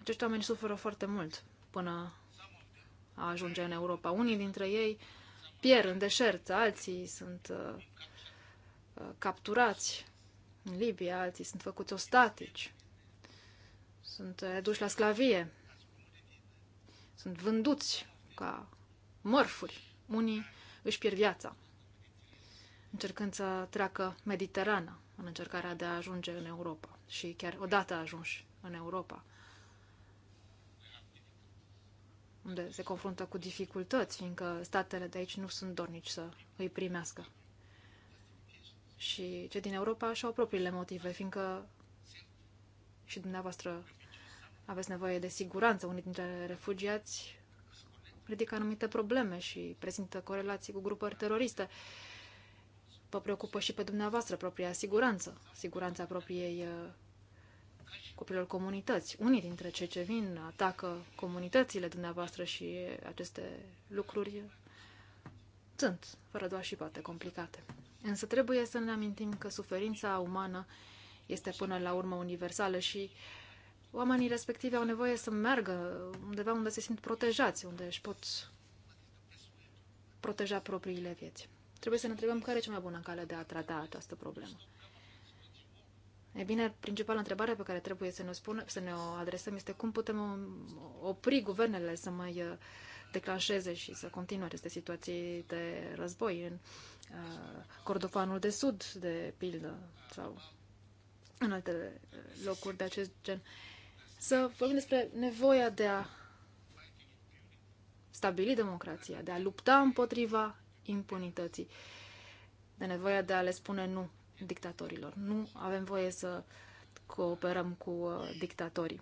acești oameni suferă foarte mult până a ajunge în Europa. Unii dintre ei pierd în deșert, alții sunt uh, uh, capturați în Libia, alții sunt făcuți ostatici, sunt uh, duși la sclavie, sunt vânduți ca mărfuri. Unii își pierd viața încercând să treacă Mediterana în încercarea de a ajunge în Europa și chiar odată ajunși în Europa. unde se confruntă cu dificultăți, fiindcă statele de aici nu sunt dornici să îi primească. Și cei din Europa și-au propriile motive, fiindcă și dumneavoastră aveți nevoie de siguranță. Unii dintre refugiați ridică anumite probleme și prezintă corelații cu grupări teroriste. Vă preocupă și pe dumneavoastră propria siguranță, siguranța propriei uh, copiilor comunități. Unii dintre cei ce vin atacă comunitățile dumneavoastră și aceste lucruri sunt, fără doar și poate, complicate. Însă trebuie să ne amintim că suferința umană este până la urmă universală și oamenii respectivi au nevoie să meargă undeva unde se simt protejați, unde își pot proteja propriile vieți. Trebuie să ne întrebăm care e cea mai bună cale de a trata această problemă. E bine, principala întrebare pe care trebuie să ne, spune, să ne o adresăm este cum putem opri guvernele să mai uh, declanșeze și să continue aceste situații de război în uh, Cordofanul de Sud, de pildă, sau în alte uh, locuri de acest gen. Să vorbim despre nevoia de a stabili democrația, de a lupta împotriva impunității, de nevoia de a le spune nu dictatorilor. Nu avem voie să cooperăm cu uh, dictatorii.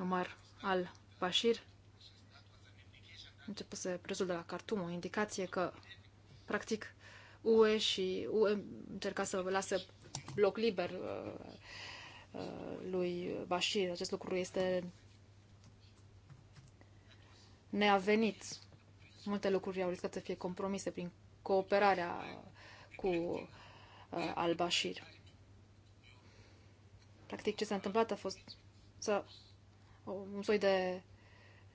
Omar al-Bashir să prețul de la Khartoum o indicație că, practic, UE și UE încerca să lasă loc liber uh, uh, lui Bashir. Acest lucru este neavenit. Multe lucruri au riscat să fie compromise prin cooperarea cu Uh, al-Bashir. Practic, ce s-a întâmplat a fost să, un soi de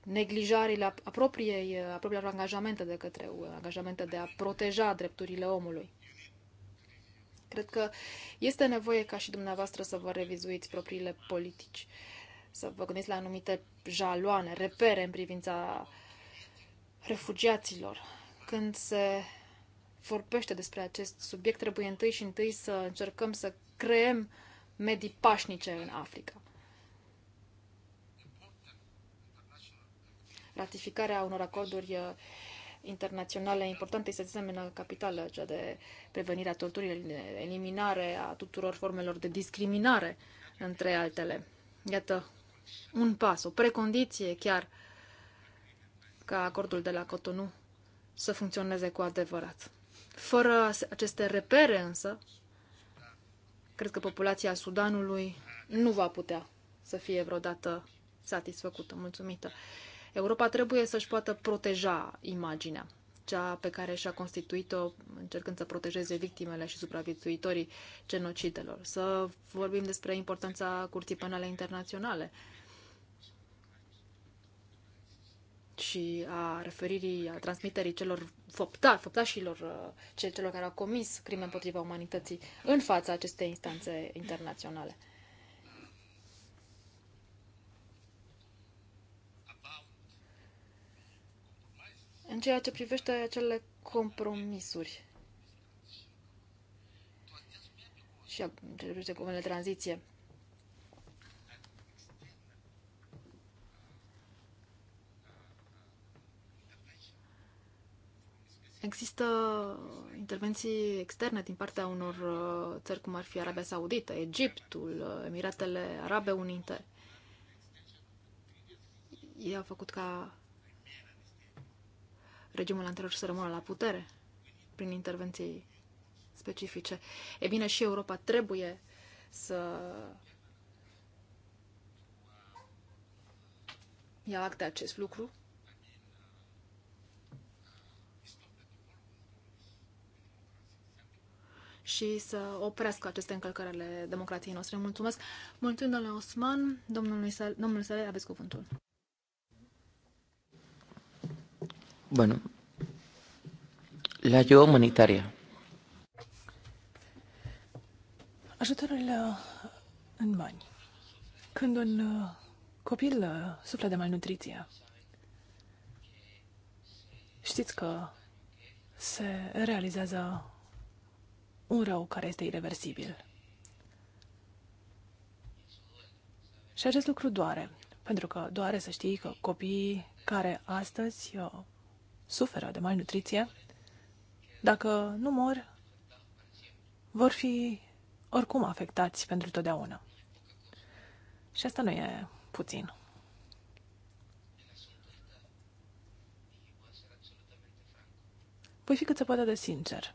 neglijare la a propriei, uh, a propriilor angajamente de către uh, angajamente de a proteja drepturile omului. Cred că este nevoie ca și dumneavoastră să vă revizuiți propriile politici, să vă gândiți la anumite jaloane, repere în privința refugiaților. Când se vorbește despre acest subiect, trebuie întâi și întâi să încercăm să creăm medii pașnice în Africa. Ratificarea unor acorduri uh, internaționale importante este asemenea capitală, cea de prevenire a torturii, eliminare a tuturor formelor de discriminare, între altele. Iată, un pas, o precondiție chiar ca acordul de la Cotonou să funcționeze cu adevărat. Fără aceste repere însă, cred că populația Sudanului nu va putea să fie vreodată satisfăcută, mulțumită. Europa trebuie să-și poată proteja imaginea, cea pe care și-a constituit-o încercând să protejeze victimele și supraviețuitorii genocidelor. Să vorbim despre importanța Curții Penale Internaționale, și a referirii, a transmiterii celor făpta, făptașilor, uh, celor care au comis crime împotriva umanității în fața acestei instanțe internaționale. În ceea ce privește acele compromisuri și ce privește de tranziție, Există intervenții externe din partea unor uh, țări, cum ar fi Arabia Saudită, Egiptul, uh, Emiratele Arabe Unite. Ei au făcut ca regimul anterior să rămână la putere prin intervenții specifice. E bine, și Europa trebuie să ia act de acest lucru și să oprească aceste încălcări ale democrației noastre. Mulțumesc! Mulțumesc, domnule Osman. Domnului Sal, domnul Sale, aveți cuvântul. Bueno, la ayuda humanitaria. Ajutorul uh, în bani. Când un uh, copil uh, suflă de malnutriție, știți că se realizează un rău care este irreversibil. Și acest lucru doare, pentru că doare să știi că copiii care astăzi uh, suferă de malnutriție, dacă nu mor, vor fi oricum afectați pentru totdeauna. Și asta nu e puțin. Voi fi cât se poate de sincer.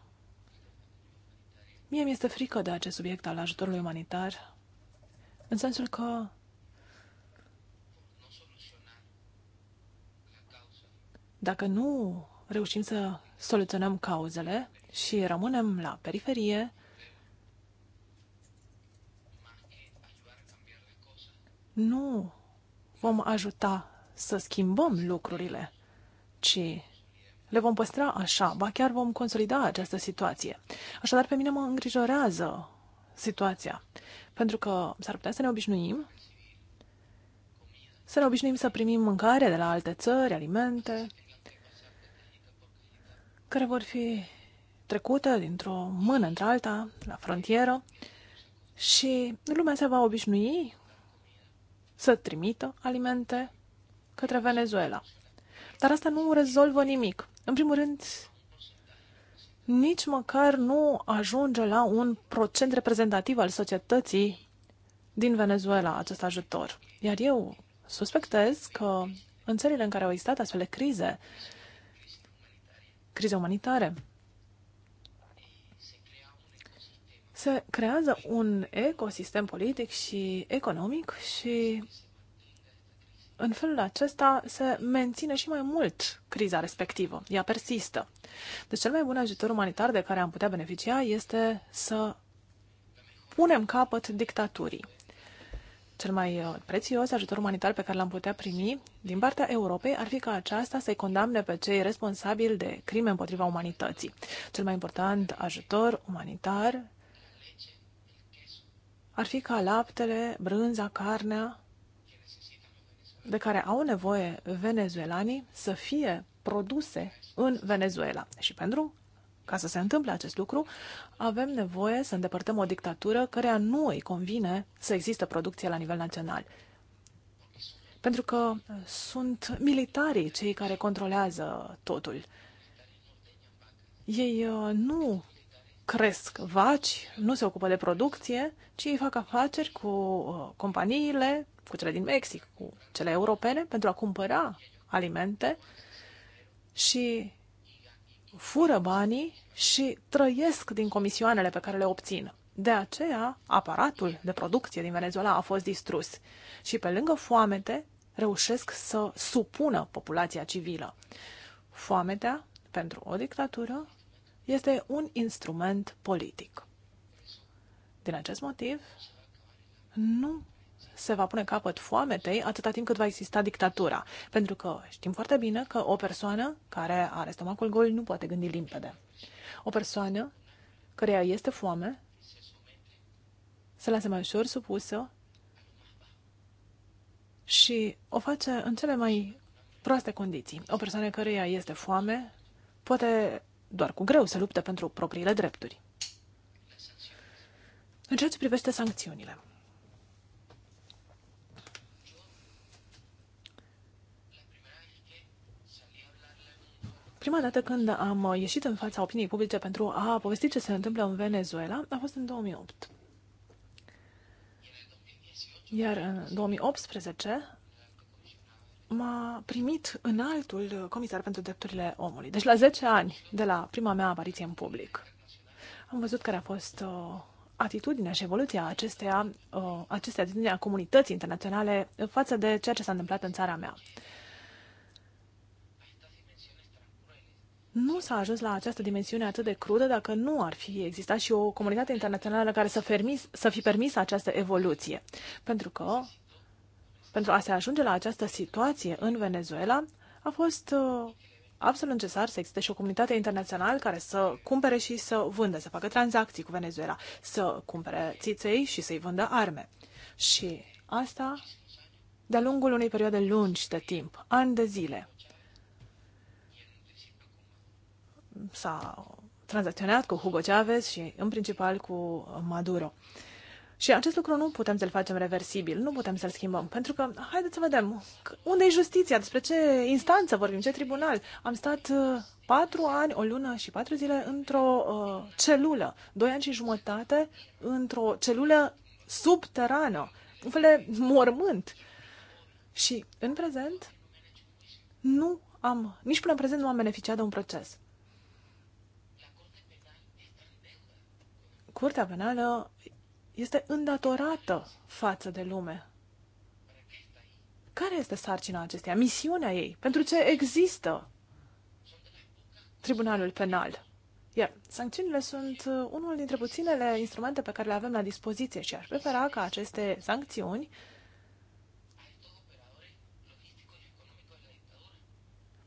Mie mi-este frică de acest subiect al ajutorului umanitar, în sensul că dacă nu reușim să soluționăm cauzele și rămânem la periferie, nu vom ajuta să schimbăm lucrurile, ci le vom păstra așa, ba chiar vom consolida această situație. Așadar, pe mine mă îngrijorează situația, pentru că s-ar putea să ne obișnuim, să ne obișnuim să primim mâncare de la alte țări, alimente, care vor fi trecute dintr-o mână într alta, la frontieră, și lumea se va obișnui să trimită alimente către Venezuela. Dar asta nu rezolvă nimic. În primul rând, nici măcar nu ajunge la un procent reprezentativ al societății din Venezuela acest ajutor. Iar eu suspectez că în țările în care au existat astfel de crize, crize umanitare, se creează un ecosistem politic și economic și în felul acesta se menține și mai mult criza respectivă. Ea persistă. Deci cel mai bun ajutor umanitar de care am putea beneficia este să punem capăt dictaturii. Cel mai uh, prețios ajutor umanitar pe care l-am putea primi din partea Europei ar fi ca aceasta să-i condamne pe cei responsabili de crime împotriva umanității. Cel mai important ajutor umanitar ar fi ca laptele, brânza, carnea de care au nevoie venezuelanii să fie produse în Venezuela. Și pentru ca să se întâmple acest lucru, avem nevoie să îndepărtăm o dictatură care nu îi convine să existe producție la nivel național. Pentru că sunt militarii cei care controlează totul. Ei uh, nu cresc vaci, nu se ocupă de producție, ci ei fac afaceri cu uh, companiile cu cele din Mexic, cu cele europene, pentru a cumpăra alimente și fură banii și trăiesc din comisioanele pe care le obțin. De aceea, aparatul de producție din Venezuela a fost distrus și, pe lângă foamete, reușesc să supună populația civilă. Foametea, pentru o dictatură, este un instrument politic. Din acest motiv, nu se va pune capăt foametei atâta timp cât va exista dictatura. Pentru că știm foarte bine că o persoană care are stomacul gol nu poate gândi limpede. O persoană căreia este foame se lasă mai ușor supusă și o face în cele mai proaste condiții. O persoană căreia este foame poate doar cu greu să lupte pentru propriile drepturi. În ceea ce privește sancțiunile, Prima dată când am ieșit în fața opiniei publice pentru a povesti ce se întâmplă în Venezuela a fost în 2008. Iar în 2018 m-a primit în altul comisar pentru drepturile omului. Deci la 10 ani de la prima mea apariție în public. Am văzut care a fost uh, atitudinea și evoluția acesteia, uh, acestei atitudini a comunității internaționale față de ceea ce s-a întâmplat în țara mea. Uh, nu s-a ajuns la această dimensiune atât de crudă dacă nu ar fi existat și o comunitate internațională care să, fermis, să fi permis această evoluție. Pentru că, pentru a se ajunge la această situație în Venezuela, a fost uh, absolut necesar să existe și o comunitate internațională care să cumpere și să vândă, să facă tranzacții cu Venezuela, să cumpere țiței și să-i vândă arme. Și asta de-a lungul unei perioade lungi de timp, ani de zile. s-a tranzacționat cu Hugo Chavez și în principal cu Maduro. Și acest lucru nu putem să-l facem reversibil, nu putem să-l schimbăm, pentru că, haideți să vedem, unde e justiția, despre ce instanță vorbim, ce tribunal. Am stat uh, patru ani, o lună și patru zile într-o uh, celulă, doi ani și jumătate într-o celulă subterană, un fel de mormânt. Și, în prezent, nu am, nici până în prezent nu am beneficiat de un proces. Curtea Penală este îndatorată față de lume. Care este sarcina acesteia? Misiunea ei? Pentru ce există Tribunalul Penal? Iar sancțiunile sunt uh, unul dintre puținele instrumente pe care le avem la dispoziție și aș prefera ca aceste sancțiuni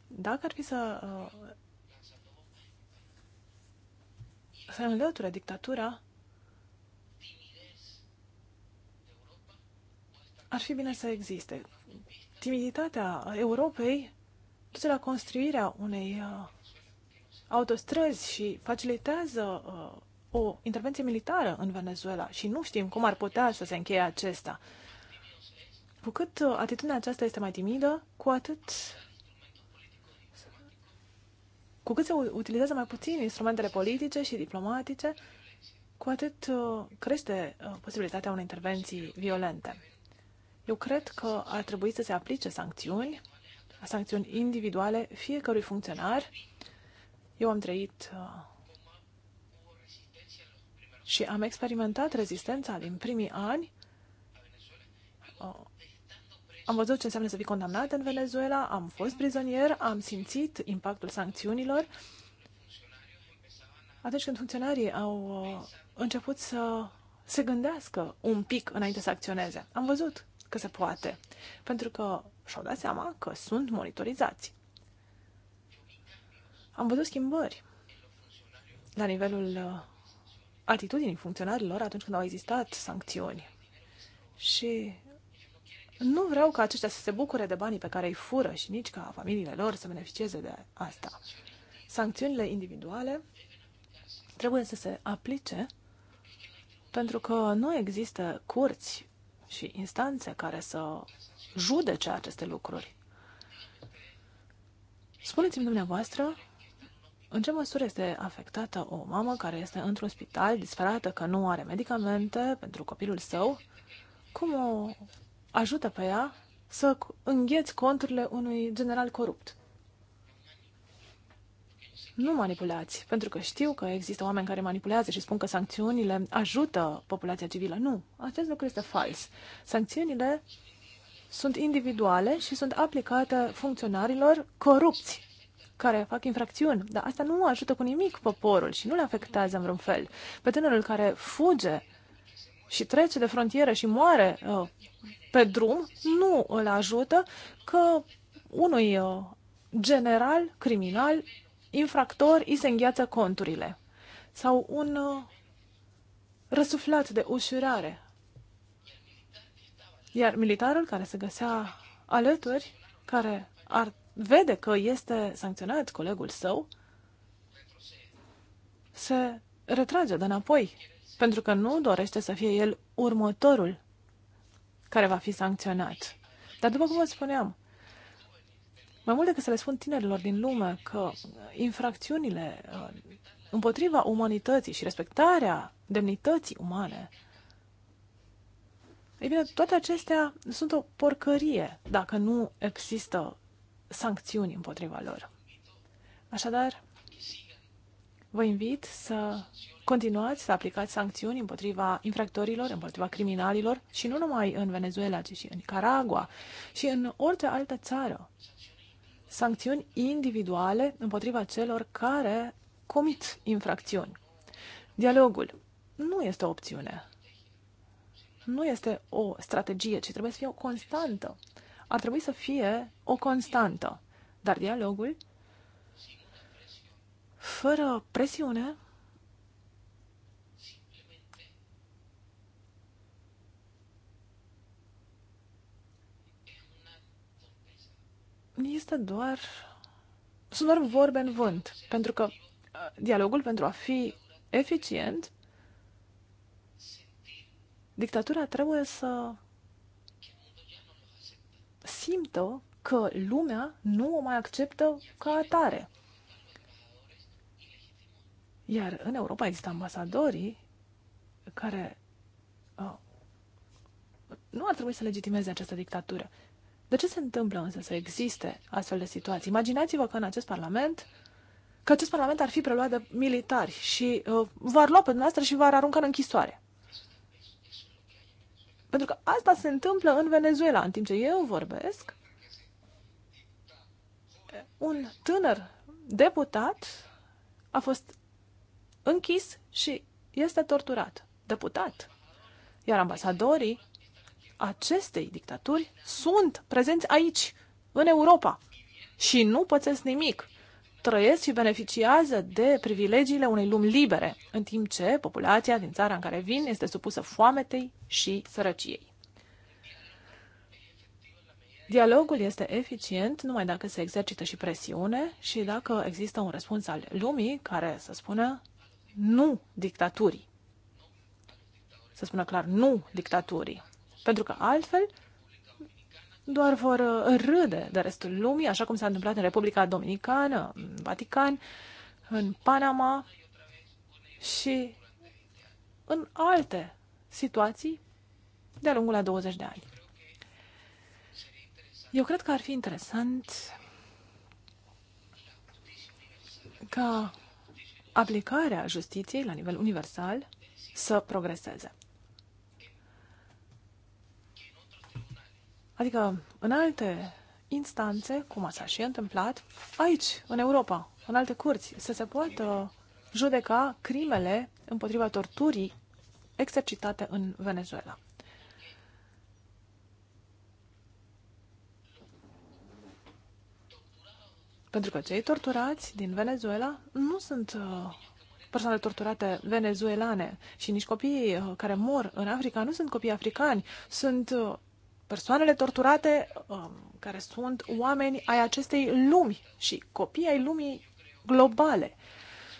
dacă ar fi să uh, să înlătură dictatura, ar fi bine să existe. Timiditatea Europei duce la construirea unei uh, autostrăzi și facilitează uh, o intervenție militară în Venezuela și nu știm cum ar putea să se încheie acesta. Cu cât uh, atitudinea aceasta este mai timidă, cu atât cu cât se utilizează mai puțin instrumentele politice și diplomatice, cu atât uh, crește uh, posibilitatea unei intervenții violente. Eu cred că ar trebui să se aplice sancțiuni, sancțiuni individuale fiecărui funcționar. Eu am trăit uh, și am experimentat rezistența din primii ani am văzut ce înseamnă să fii condamnat în Venezuela, am fost prizonier, am simțit impactul sancțiunilor. Atunci când funcționarii au uh, început să se gândească un pic înainte să acționeze, am văzut că se poate, pentru că și-au dat seama că sunt monitorizați. Am văzut schimbări la nivelul uh, atitudinii funcționarilor atunci când au existat sancțiuni. Și nu vreau ca aceștia să se bucure de banii pe care îi fură și nici ca familiile lor să beneficieze de asta. Sancțiunile individuale trebuie să se aplice pentru că nu există curți și instanțe care să judece aceste lucruri. Spuneți-mi dumneavoastră în ce măsură este afectată o mamă care este într-un spital disperată că nu are medicamente pentru copilul său? Cum o ajută pe ea să îngheți conturile unui general corupt. Nu manipulați, pentru că știu că există oameni care manipulează și spun că sancțiunile ajută populația civilă. Nu, acest lucru este fals. Sancțiunile sunt individuale și sunt aplicate funcționarilor corupți care fac infracțiuni, dar asta nu ajută cu nimic poporul și nu le afectează în vreun fel. Pe tânărul care fuge și trece de frontieră și moare uh, pe drum, nu îl ajută că unui uh, general criminal, infractor, îi se îngheață conturile. Sau un uh, răsuflat de ușurare. Iar militarul care se găsea alături, care ar vede că este sancționat colegul său, se retrage de înapoi pentru că nu dorește să fie el următorul care va fi sancționat. Dar după cum vă spuneam, mai mult decât să le spun tinerilor din lume că infracțiunile uh, împotriva umanității și respectarea demnității umane, ei bine, toate acestea sunt o porcărie dacă nu există sancțiuni împotriva lor. Așadar, Vă invit să continuați să aplicați sancțiuni împotriva infractorilor, împotriva criminalilor și nu numai în Venezuela, ci și în Nicaragua și în orice altă țară. Sancțiuni individuale împotriva celor care comit infracțiuni. Dialogul nu este o opțiune. Nu este o strategie, ci trebuie să fie o constantă. Ar trebui să fie o constantă. Dar dialogul fără presiune, este doar... Sunt doar vorbe în vânt, pentru că uh, dialogul, pentru a fi eficient, dictatura trebuie să simtă că lumea nu o mai acceptă ca atare. Iar în Europa există ambasadorii care uh, nu ar trebui să legitimeze această dictatură. De ce se întâmplă însă să existe astfel de situații? Imaginați-vă că în acest parlament că acest parlament ar fi preluat de militari și uh, v-ar lua pe dumneavoastră și v-ar arunca în închisoare. Pentru că asta se întâmplă în Venezuela. În timp ce eu vorbesc, un tânăr deputat a fost închis și este torturat, deputat. Iar ambasadorii acestei dictaturi sunt prezenți aici, în Europa, și nu pățesc nimic. Trăiesc și beneficiază de privilegiile unei lumi libere, în timp ce populația din țara în care vin este supusă foametei și sărăciei. Dialogul este eficient numai dacă se exercită și presiune și dacă există un răspuns al lumii care să spună nu dictaturii. Să spună clar, nu dictaturii. Pentru că altfel doar vor uh, râde de restul lumii, așa cum s-a întâmplat în Republica Dominicană, în Vatican, în Panama și în alte situații de-a lungul la 20 de ani. Eu cred că ar fi interesant ca aplicarea justiției la nivel universal să progreseze. Adică în alte instanțe, cum s-a și întâmplat, aici, în Europa, în alte curți, să se poată judeca crimele împotriva torturii exercitate în Venezuela. Pentru că cei torturați din Venezuela nu sunt uh, persoane torturate venezuelane și nici copiii uh, care mor în Africa nu sunt copii africani, sunt uh, persoanele torturate um, care sunt oameni ai acestei lumi și copii ai lumii globale.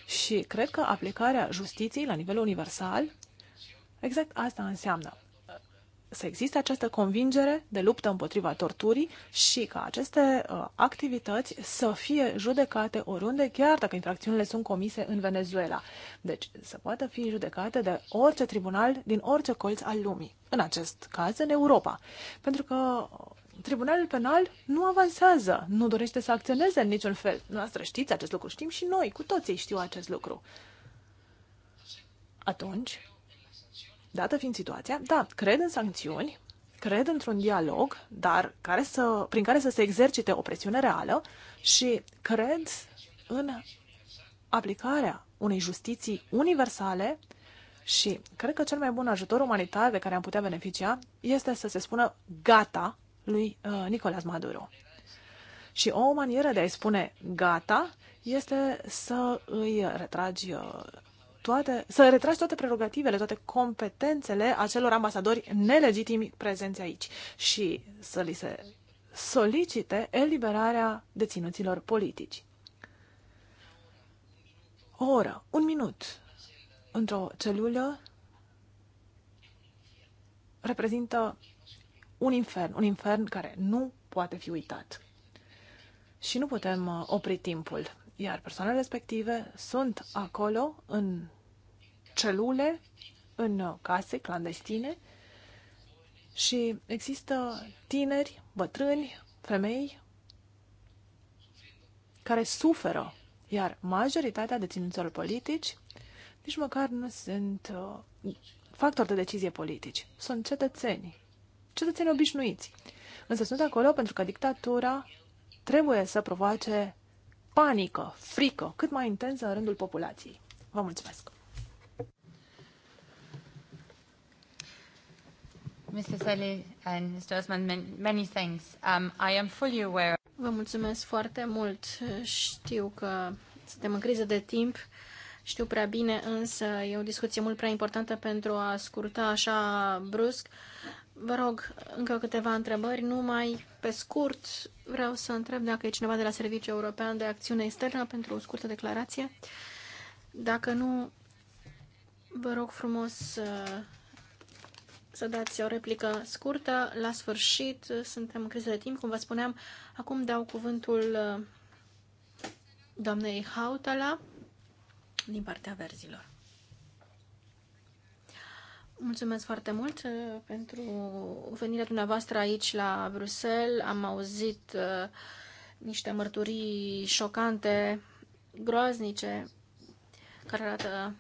Și cred că aplicarea justiției la nivel universal, exact asta înseamnă să existe această convingere de luptă împotriva torturii și ca aceste uh, activități să fie judecate oriunde, chiar dacă infracțiunile sunt comise în Venezuela. Deci să poată fi judecate de orice tribunal din orice colț al lumii, în acest caz în Europa. Pentru că uh, Tribunalul Penal nu avansează, nu dorește să acționeze în niciun fel. Noastră știți acest lucru, știm și noi, cu toții știu acest lucru. Atunci, Dată fiind situația, da, cred în sancțiuni, cred într-un dialog, dar care să, prin care să se exercite o presiune reală și cred în aplicarea unei justiții universale și cred că cel mai bun ajutor umanitar de care am putea beneficia este să se spună gata lui uh, Nicolas Maduro. Și o manieră de a-i spune gata este să îi retragi uh, toate, să retragi toate prerogativele, toate competențele acelor ambasadori nelegitimi prezenți aici și să li se solicite eliberarea deținuților politici. O oră, un minut, într-o celulă reprezintă un infern, un infern care nu poate fi uitat. Și nu putem uh, opri timpul. Iar persoanele respective sunt acolo în celule, în case clandestine și există tineri, bătrâni, femei care suferă, iar majoritatea deținuților politici nici măcar nu sunt uh, factori de decizie politici. Sunt cetățeni, cetățeni obișnuiți. Însă sunt acolo pentru că dictatura trebuie să provoace panică, frică cât mai intensă în rândul populației. Vă mulțumesc! Mr. Sally and Mr. Osman, many thanks. Um, I am fully aware. Vă mulțumesc foarte mult. Știu că suntem în criză de timp. Știu prea bine, însă e o discuție mult prea importantă pentru a scurta așa brusc. Vă rog, încă câteva întrebări, numai pe scurt vreau să întreb dacă e cineva de la Serviciul European de Acțiune Externă pentru o scurtă declarație. Dacă nu, vă rog frumos să, uh, să dați o replică scurtă. La sfârșit, suntem în criză de timp, cum vă spuneam. Acum dau cuvântul uh, doamnei Hautala din partea verzilor. Mulțumesc foarte mult uh, pentru venirea dumneavoastră aici la Bruxelles. Am auzit uh, niște mărturii șocante, groaznice, care arată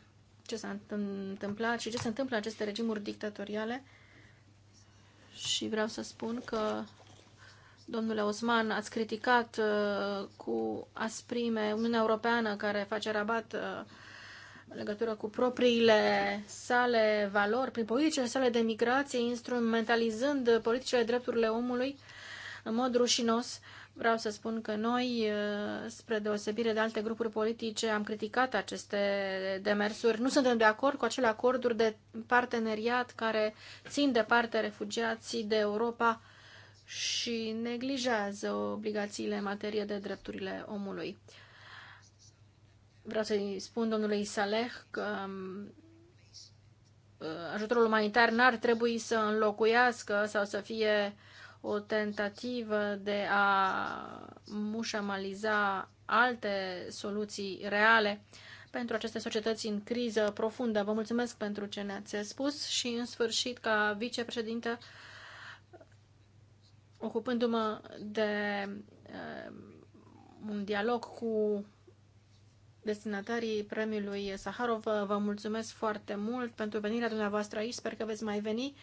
ce s-a întâmplat și ce se întâmplă în aceste regimuri dictatoriale. Și vreau să spun că, domnule Osman, ați criticat uh, cu asprime Uniunea Europeană care face rabat în legătură cu propriile sale valori, prin politicile sale de migrație, instrumentalizând politicile drepturile omului în mod rușinos. Vreau să spun că noi, uh, spre deosebire de alte grupuri politice, am criticat aceste demersuri. Nu suntem de acord cu acele acorduri de parteneriat care țin departe refugiații de Europa și neglijează obligațiile în materie de drepturile omului. Vreau să-i spun domnului Saleh că um, uh, ajutorul umanitar n-ar trebui să înlocuiască sau să fie o tentativă de a mușamaliza alte soluții reale pentru aceste societăți în criză profundă. Vă mulțumesc pentru ce ne-ați spus și, în sfârșit, ca vicepreședintă, ocupându-mă de uh, un dialog cu destinatarii premiului Saharov, vă mulțumesc foarte mult pentru venirea dumneavoastră aici. Sper că veți mai veni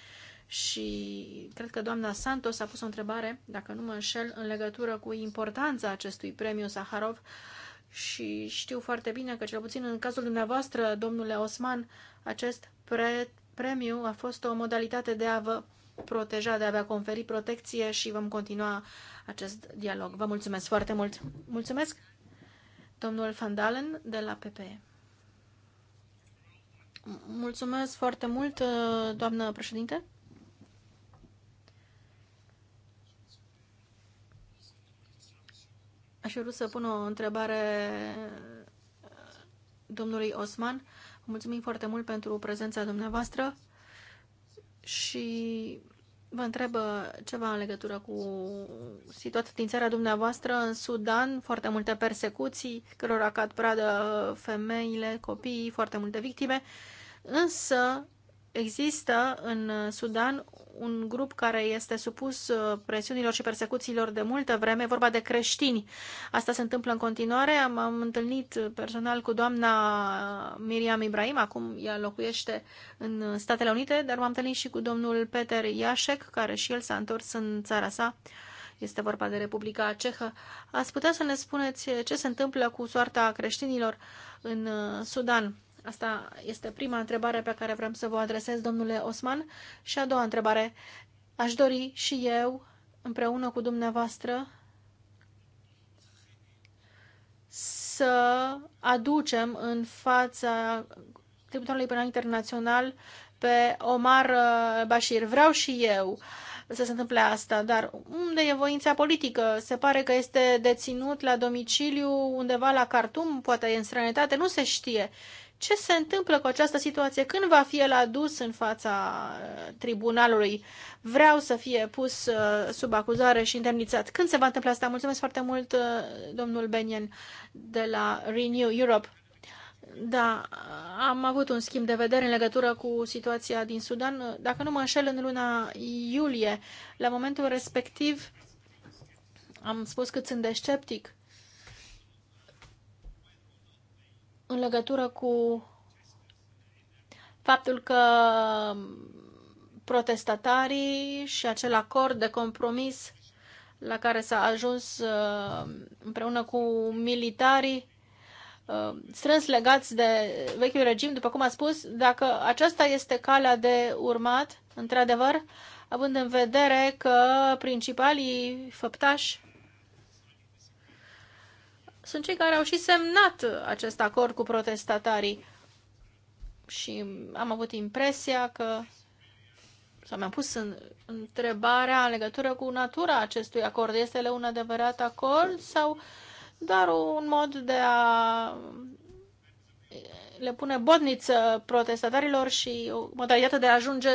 și cred că doamna Santos a pus o întrebare, dacă nu mă înșel, în legătură cu importanța acestui premiu Saharov și știu foarte bine că, cel puțin în cazul dumneavoastră, domnule Osman, acest pre premiu a fost o modalitate de a vă proteja, de a vă conferi protecție și vom continua acest dialog. Vă mulțumesc foarte mult! Mulțumesc! Domnul Van Dalen de la PPE. Mulțumesc foarte mult, uh, doamnă președinte. Aș vrea să pun o întrebare uh, domnului Osman. Mulțumim foarte mult pentru prezența dumneavoastră și vă întreb uh, ceva în legătură cu situația din țara dumneavoastră, în Sudan, foarte multe persecuții, cărora cad pradă uh, femeile, copiii, foarte multe victime, însă Există în Sudan un grup care este supus uh, presiunilor și persecuțiilor de multă vreme, vorba de creștini. Asta se întâmplă în continuare. Am, am întâlnit personal cu doamna Miriam Ibrahim, acum ea locuiește în Statele Unite, dar m-am întâlnit și cu domnul Peter Iașec, care și el s-a întors în țara sa. Este vorba de Republica Cehă. Ați putea să ne spuneți ce se întâmplă cu soarta creștinilor în uh, Sudan? Asta este prima întrebare pe care vreau să vă adresez, domnule Osman. Și a doua întrebare. Aș dori și eu, împreună cu dumneavoastră, să aducem în fața Tribunalului Penal Internațional pe Omar uh, Bashir. Vreau și eu să se întâmple asta, dar unde e voința politică? Se pare că este deținut la domiciliu undeva la Cartum, poate e în străinătate, nu se știe. Ce se întâmplă cu această situație? Când va fi el adus în fața uh, tribunalului? Vreau să fie pus uh, sub acuzare și indemnizat. Când se va întâmpla asta? Mulțumesc foarte mult, uh, domnul Benien de la Renew Europe. Da, am avut un schimb de vedere în legătură cu situația din Sudan. Dacă nu mă înșel, în luna iulie, la momentul respectiv, am spus cât sunt de sceptic în legătură cu faptul că protestatarii și acel acord de compromis la care s-a ajuns uh, împreună cu militarii uh, strâns legați de vechiul regim, după cum a spus, dacă aceasta este calea de urmat, într-adevăr, având în vedere că principalii făptași sunt cei care au și semnat acest acord cu protestatarii. Și am avut impresia că, sau mi-am pus în, întrebarea în legătură cu natura acestui acord. Este un adevărat acord sau doar un mod de a le pune botniță protestatarilor și o modalitate de a ajunge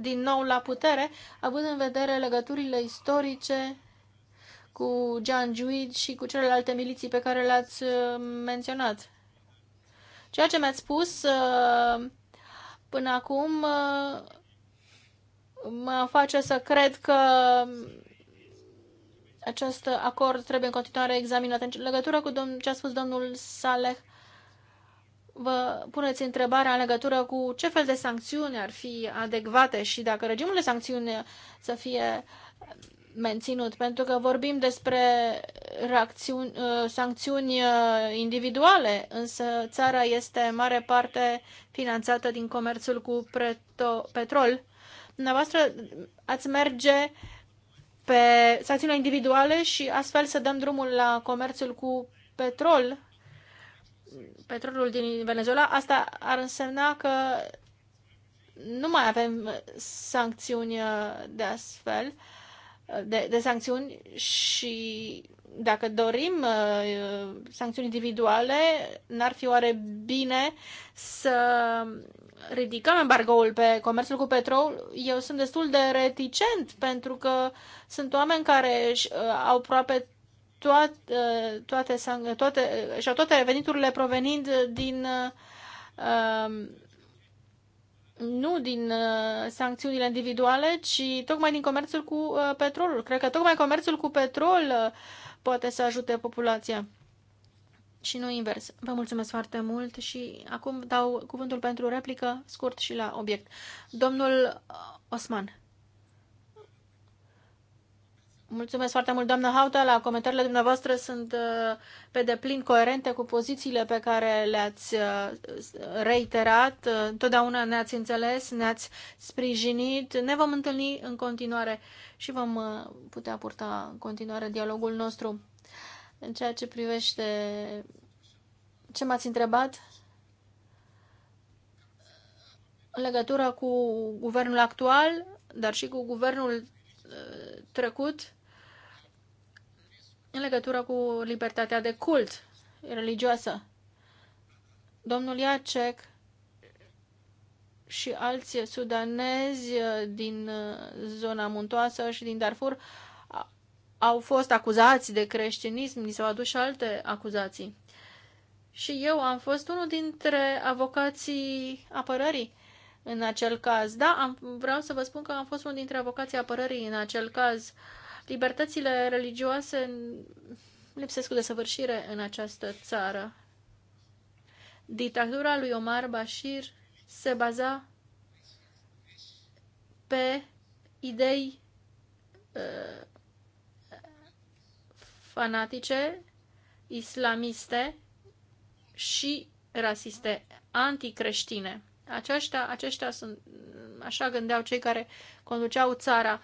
din nou la putere, având în vedere legăturile istorice cu Juid și cu celelalte miliții pe care le-ați uh, menționat. Ceea ce mi-ați spus uh, până acum uh, mă face să cred că um, acest acord trebuie în continuare examinat. În legătură cu ce a spus domnul Saleh, vă puneți întrebarea în legătură cu ce fel de sancțiuni ar fi adecvate și dacă regimul de sancțiuni să fie menținut, pentru că vorbim despre reacțiuni, uh, sancțiuni uh, individuale, însă țara este în mare parte finanțată din comerțul cu petrol. Dumneavoastră ați merge pe sancțiunile individuale și astfel să dăm drumul la comerțul cu petrol, petrolul din Venezuela, asta ar însemna că nu mai avem sancțiuni uh, de astfel. Uh, de, de sancțiuni și dacă dorim uh, sancțiuni individuale, n-ar fi oare bine să ridicăm embargoul pe comerțul cu petrol? Eu sunt destul de reticent pentru că sunt oameni care uh, au aproape toate, uh, toate, toate, și-au toate veniturile provenind din uh, um, nu din uh, sancțiunile individuale, ci tocmai din comerțul cu uh, petrolul. Cred că tocmai comerțul cu petrol uh, poate să ajute populația și nu invers. Vă mulțumesc foarte mult și acum dau cuvântul pentru replică scurt și la obiect. Domnul uh, Osman. Mulțumesc foarte mult, doamnă la Comentariile dumneavoastră sunt uh, pe deplin coerente cu pozițiile pe care le-ați uh, reiterat. Uh, întotdeauna ne-ați înțeles, ne-ați sprijinit. Ne vom întâlni în continuare și vom putea purta în continuare dialogul nostru. În ceea ce privește ce m-ați întrebat în legătură cu guvernul actual, dar și cu guvernul trecut, în legătură cu libertatea de cult religioasă. Domnul Iacek și alți sudanezi din uh, zona muntoasă și din Darfur au fost acuzați de creștinism, ni s-au adus și alte acuzații. Și eu am fost unul dintre avocații apărării în acel caz. Da, am, vreau să vă spun că am fost unul dintre avocații apărării în acel caz. Uh, Libertățile religioase lipsesc cu desăvârșire în această țară. Dictatura lui Omar Bashir se baza pe idei uh, fanatice, islamiste și rasiste, anticreștine. Aceștia, aceștia sunt, așa gândeau cei care conduceau țara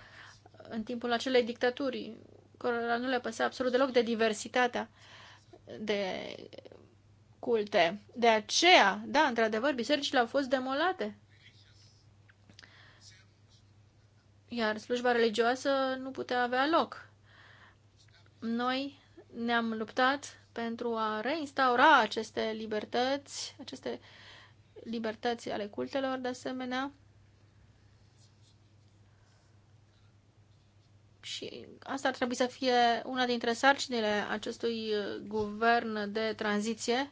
în timpul acelei dictaturi, cărora nu le păsa absolut deloc de diversitatea de culte. De aceea, da, într-adevăr, bisericile au fost demolate. Iar slujba religioasă nu putea avea loc. Noi ne-am luptat pentru a reinstaura aceste libertăți, aceste libertăți ale cultelor, de asemenea, Și asta ar trebui să fie una dintre sarcinile acestui uh, guvern de tranziție,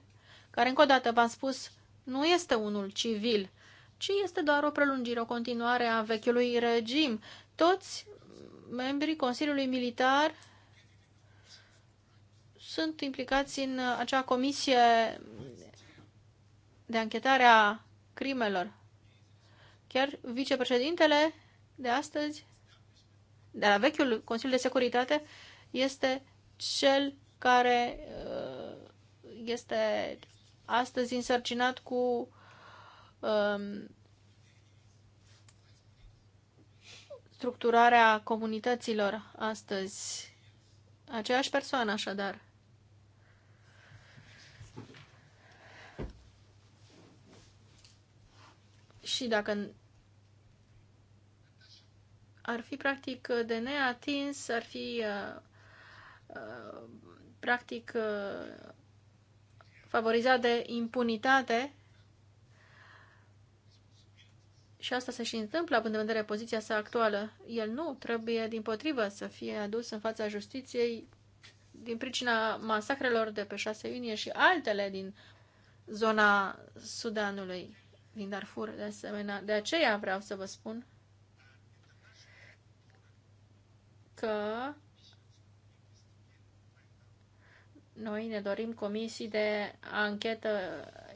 care, încă o dată, v-am spus, nu este unul civil, ci este doar o prelungire, o continuare a vechiului regim. Toți membrii Consiliului Militar sunt implicați în acea comisie de anchetare a crimelor. Chiar vicepreședintele de astăzi de la vechiul Consiliu de Securitate este cel care uh, este astăzi însărcinat cu um, structurarea comunităților astăzi. Aceeași persoană, așadar. Și dacă ar fi practic de neatins, ar fi uh, uh, practic uh, favorizat de impunitate și asta se și întâmplă, având în vedere poziția sa actuală. El nu trebuie, din potrivă, să fie adus în fața justiției din pricina masacrelor de pe 6 iunie și altele din zona Sudanului, din Darfur, de asemenea. De aceea vreau să vă spun că noi ne dorim comisii de anchetă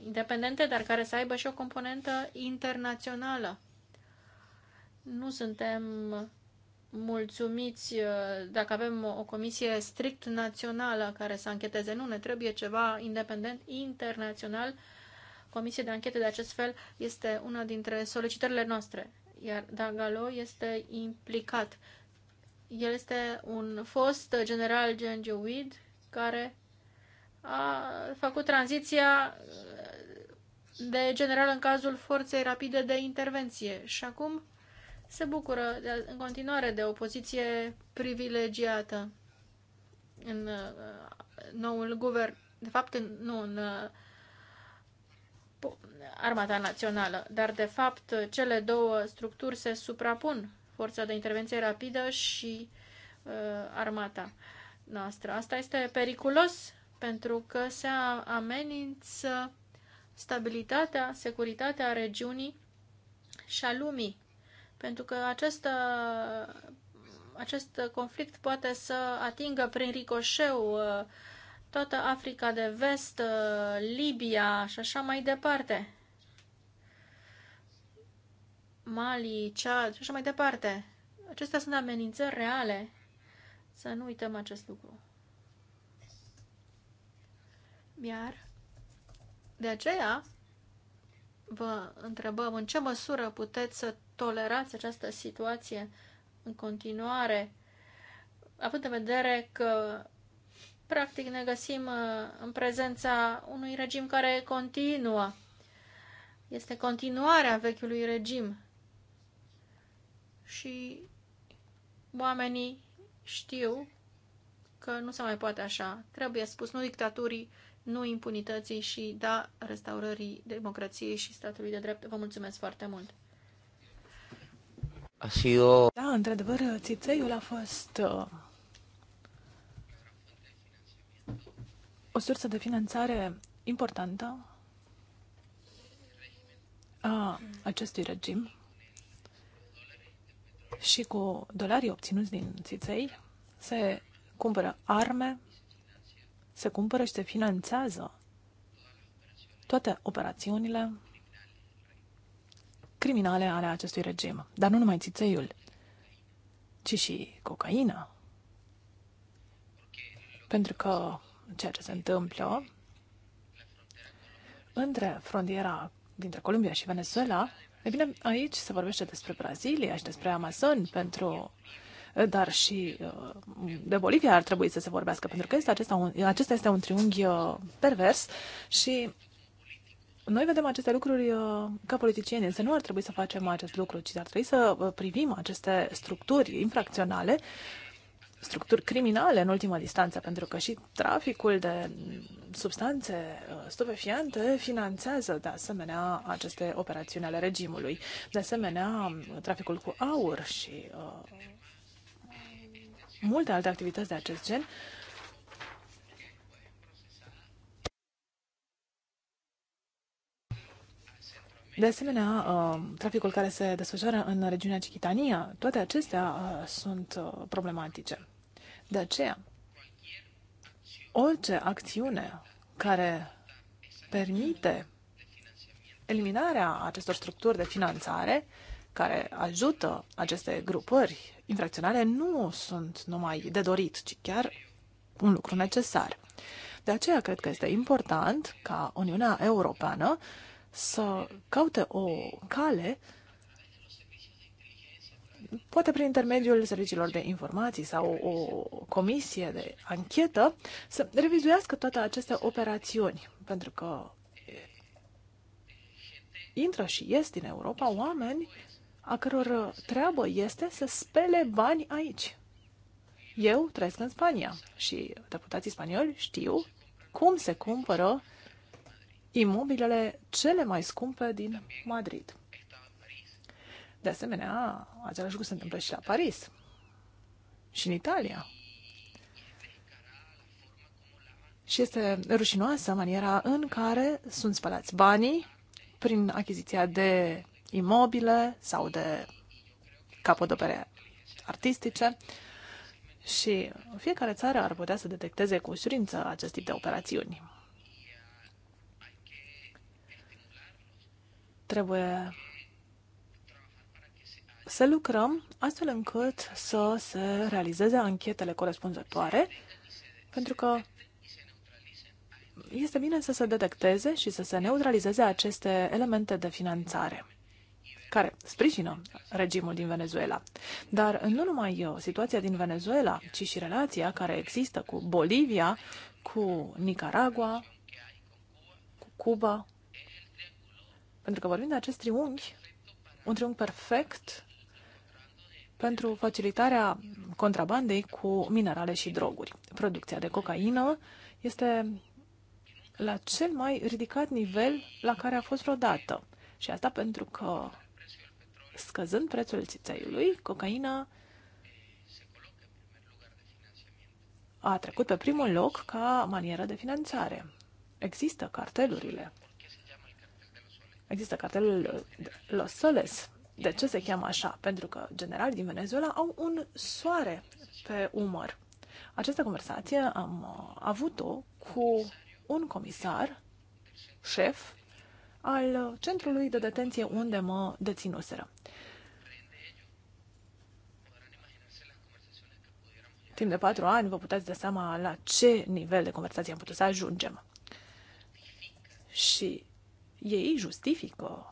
independente, dar care să aibă și o componentă internațională. Nu suntem mulțumiți uh, dacă avem o comisie strict națională care să ancheteze. Nu, ne trebuie ceva independent, internațional. Comisie de anchete de acest fel este una dintre solicitările noastre, iar Dagalo este implicat el este un fost general gengeuid care a făcut tranziția uh, de general în cazul forței rapide de intervenție și acum se bucură de, în continuare de o poziție privilegiată în uh, noul guvern, de fapt în, nu în uh, armata națională, dar de fapt cele două structuri se suprapun forța de intervenție rapidă și uh, armata noastră. Asta este periculos pentru că se amenință stabilitatea, securitatea regiunii și a lumii. Pentru că acest, acest conflict poate să atingă prin ricoșeu uh, toată Africa de vest, uh, Libia și așa mai departe. Mali, Chad și așa mai departe. Acestea sunt amenințări reale. Să nu uităm acest lucru. Iar de aceea vă întrebăm în ce măsură puteți să tolerați această situație în continuare, având în vedere că practic ne găsim uh, în prezența unui regim care continuă. Este continuarea vechiului regim și oamenii știu că nu se mai poate așa. Trebuie spus nu dictaturii, nu impunității și da restaurării democrației și statului de drept. Vă mulțumesc foarte mult! A sido... Da, într-adevăr, țițeiul a fost uh, o sursă de finanțare importantă a uh, acestui regim și cu dolarii obținuți din țiței se cumpără arme, se cumpără și se finanțează toate operațiunile criminale ale acestui regim. Dar nu numai țițeiul, ci și cocaina. Pentru că ceea ce se întâmplă între frontiera dintre Columbia și Venezuela E bine, aici se vorbește despre Brazilia și despre Amazon pentru dar și uh, de Bolivia ar trebui să se vorbească, pentru că este acesta, un, acesta este un triunghi uh, pervers și noi vedem aceste lucruri uh, ca politicieni, însă nu ar trebui să facem acest lucru, ci ar trebui să privim aceste structuri infracționale structuri criminale în ultima distanță pentru că și traficul de substanțe uh, stupefiante finanțează de asemenea aceste operațiuni ale regimului. De asemenea, traficul cu aur și uh, multe alte activități de acest gen uh, De asemenea, uh, traficul care se desfășoară în regiunea Cichitania, toate acestea uh, sunt uh, problematice. De aceea, orice acțiune care permite eliminarea acestor structuri de finanțare care ajută aceste grupări infracționale nu sunt numai de dorit, ci chiar un lucru necesar. De aceea cred că este important ca Uniunea Europeană să caute o cale, poate prin intermediul serviciilor de informații sau o comisie de anchetă, să revizuiască toate aceste operațiuni, pentru că intră și ies din Europa oameni a căror treabă este să spele bani aici. Eu trăiesc în Spania și deputații spanioli știu cum se cumpără imobilele cele mai scumpe din Madrid. De asemenea, același lucru se întâmplă și la Paris și în Italia. Și este rușinoasă maniera în care sunt spălați banii prin achiziția de imobile sau de capodopere artistice. Și fiecare țară ar putea să detecteze cu ușurință acest tip de operațiuni. Trebuie să lucrăm astfel încât să se realizeze anchetele corespunzătoare, pentru că este bine să se detecteze și să se neutralizeze aceste elemente de finanțare care sprijină regimul din Venezuela. Dar nu numai eu, uh, situația din Venezuela, ci și relația care există cu Bolivia, cu Nicaragua, cu Cuba, pentru că vorbim de acest triunghi, un triunghi perfect pentru facilitarea contrabandei cu minerale și droguri. Producția de cocaină este la cel mai ridicat nivel la care a fost vreodată. Și asta pentru că, scăzând prețul țițeiului, cocaina a trecut pe primul loc ca manieră de finanțare. Există cartelurile Există cartelul uh, Los Soles. De ce se cheamă așa? Pentru că generali din Venezuela au un soare pe umăr. Această conversație am uh, avut-o cu un comisar, șef, al centrului de detenție unde mă deținuseră. Timp de patru ani vă puteți da seama la ce nivel de conversație am putut să ajungem. Și ei justifică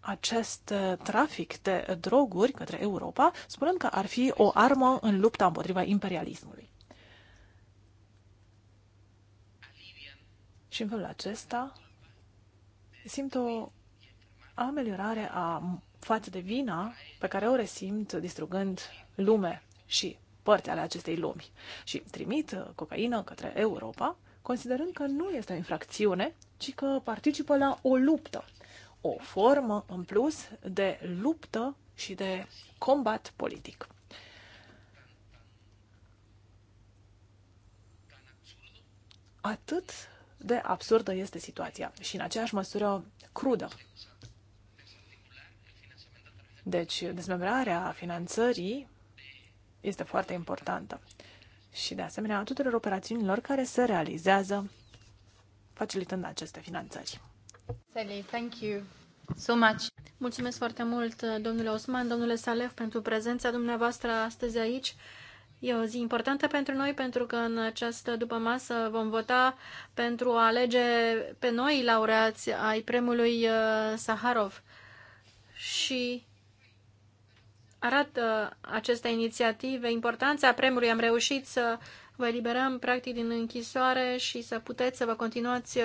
acest uh, trafic de droguri către Europa, spunând că ar fi o armă în lupta împotriva imperialismului. Și în felul acesta simt o ameliorare a față de vina pe care o resimt distrugând lume și părți ale acestei lumi și trimit uh, cocaină către Europa, considerând că nu este o infracțiune, ci că participă la o luptă, o formă în plus de luptă și de combat politic. Atât de absurdă este situația și în aceeași măsură crudă. Deci, dezmembrarea finanțării este foarte importantă. Și de asemenea a tuturor operațiunilor care se realizează facilitând aceste finanțări. Sally, thank you so much. Mulțumesc foarte mult, domnule Osman, domnule Salef, pentru prezența dumneavoastră astăzi aici. E o zi importantă pentru noi pentru că în această după masă vom vota pentru a alege pe noi laureați ai premiului uh, Saharov. Și arată aceste inițiative importanța premiului. Am reușit să vă eliberăm practic din închisoare și să puteți să vă continuați uh,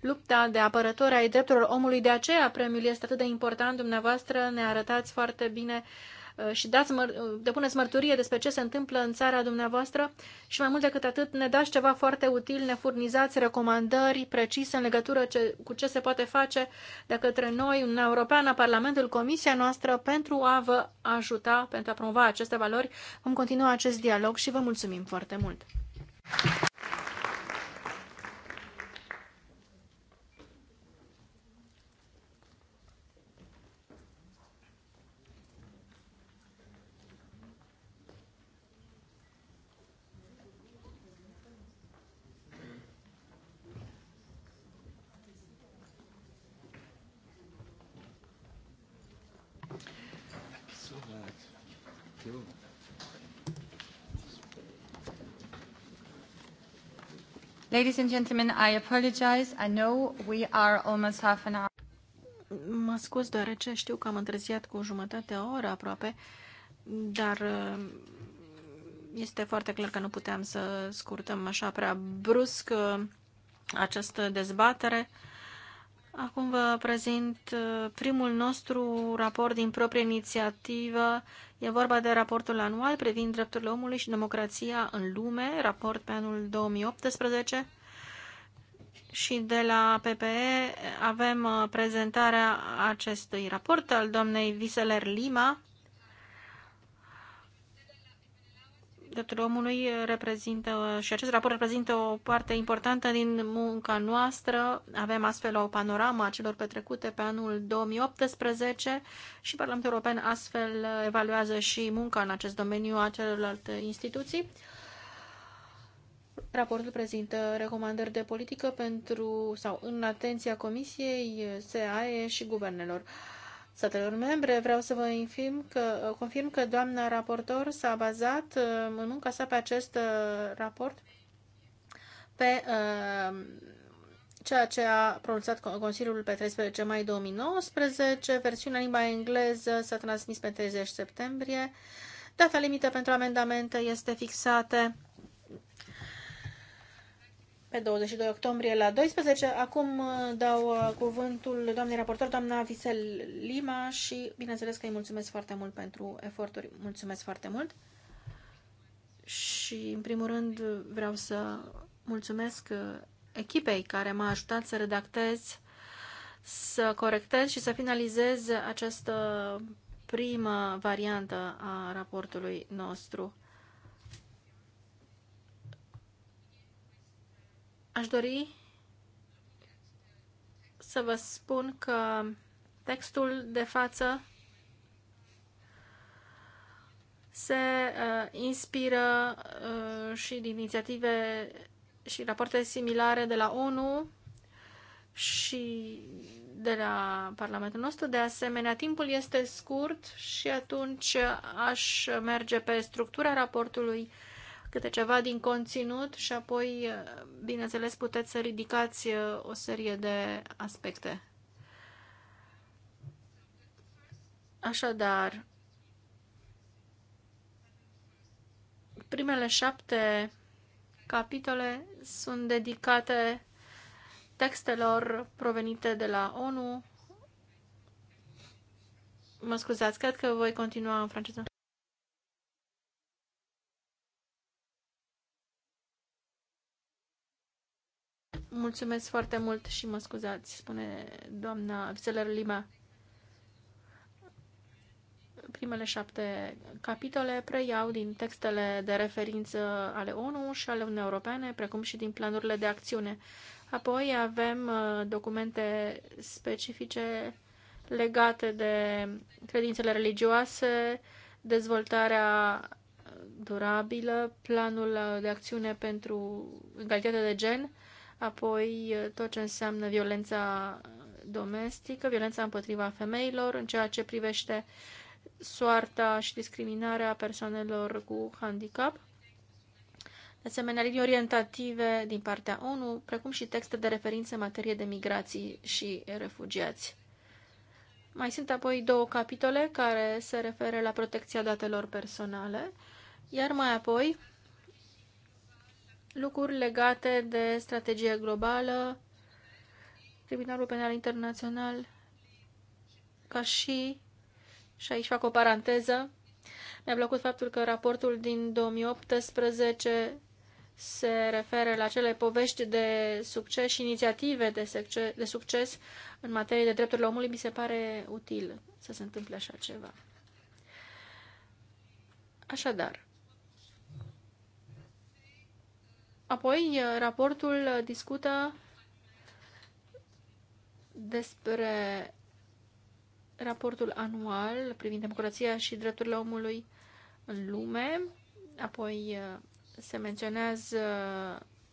lupta de apărători ai drepturilor omului. De aceea premiul este atât de important. Dumneavoastră ne arătați foarte bine uh, Uh, și dați măr- uh, depuneți mărturie despre ce se întâmplă în țara dumneavoastră și mai mult decât atât ne dați ceva foarte util, ne furnizați recomandări precise în legătură ce, cu ce se poate face de către noi, Uniunea Europeană, Parlamentul, Comisia noastră pentru a vă ajuta, pentru a promova aceste valori. Vom continua acest dialog și vă mulțumim foarte mult! Thank you. Ladies and gentlemen, I apologize. I know we are almost half an hour. Mă scuz deoarece știu că am întârziat cu jumătate o oră aproape, dar uh, este foarte clar că nu puteam să scurtăm așa prea brusc uh, această dezbatere. Acum vă prezint uh, primul nostru raport din proprie inițiativă. E vorba de raportul anual privind drepturile omului și democrația în lume, raport pe anul 2018. Și de la PPE avem uh, prezentarea acestui raport al doamnei Viseler Lima, drepturile omului reprezintă și acest raport reprezintă o parte importantă din munca noastră. Avem astfel o panoramă a celor petrecute pe anul 2018 și Parlamentul European astfel evaluează și munca în acest domeniu a celorlalte instituții. Raportul prezintă recomandări de politică pentru sau în atenția Comisiei, SAE și guvernelor statelor membre. Vreau să vă infim că, confirm că doamna raportor s-a bazat uh, în munca sa pe acest uh, raport pe uh, ceea ce a pronunțat Consiliul pe 13 mai 2019. Versiunea limba engleză s-a transmis pe 30 septembrie. Data limită pentru amendamente este fixată pe 22 octombrie la 12. Acum uh, dau uh, cuvântul doamnei raportor, doamna Visel Lima și bineînțeles că îi mulțumesc foarte mult pentru eforturi. Mulțumesc foarte mult! Și în primul rând vreau să mulțumesc uh, echipei care m-a ajutat să redactez, să corectez și să finalizez această primă variantă a raportului nostru. Aș dori să vă spun că textul de față se uh, inspiră uh, și din inițiative și rapoarte similare de la ONU și de la Parlamentul nostru. De asemenea, timpul este scurt și atunci aș merge pe structura raportului uh, câte ceva din conținut și apoi, eh, bineînțeles, puteți să ridicați eh, o serie de aspecte. Așadar, primele șapte capitole sunt dedicate textelor provenite de la ONU. Mă scuzați, cred că voi continua în franceză. Mulțumesc foarte mult și mă scuzați, spune doamna Vizeler Lima. Primele șapte capitole preiau din textele de referință ale ONU și ale Uniunii Europene, precum și din planurile de acțiune. Apoi avem uh, documente specifice legate de credințele religioase, dezvoltarea durabilă, planul de acțiune pentru egalitatea de gen apoi uh, tot ce înseamnă violența domestică, violența împotriva femeilor, în ceea ce privește soarta și discriminarea persoanelor cu handicap, de asemenea linii orientative din partea ONU, precum și texte de referință în materie de migrații și refugiați. Mai sunt apoi două capitole care se referă la protecția datelor personale, iar mai apoi lucruri legate de strategie globală, Tribunalul Penal Internațional, ca și, și aici fac o paranteză, mi-a plăcut faptul că raportul din 2018 se referă la cele povești de succes și inițiative de succes, de succes în materie de drepturile omului, mi se pare util să se întâmple așa ceva. Așadar, Apoi, uh, raportul discută despre raportul anual privind democrația și drepturile omului în lume, apoi uh, se menționează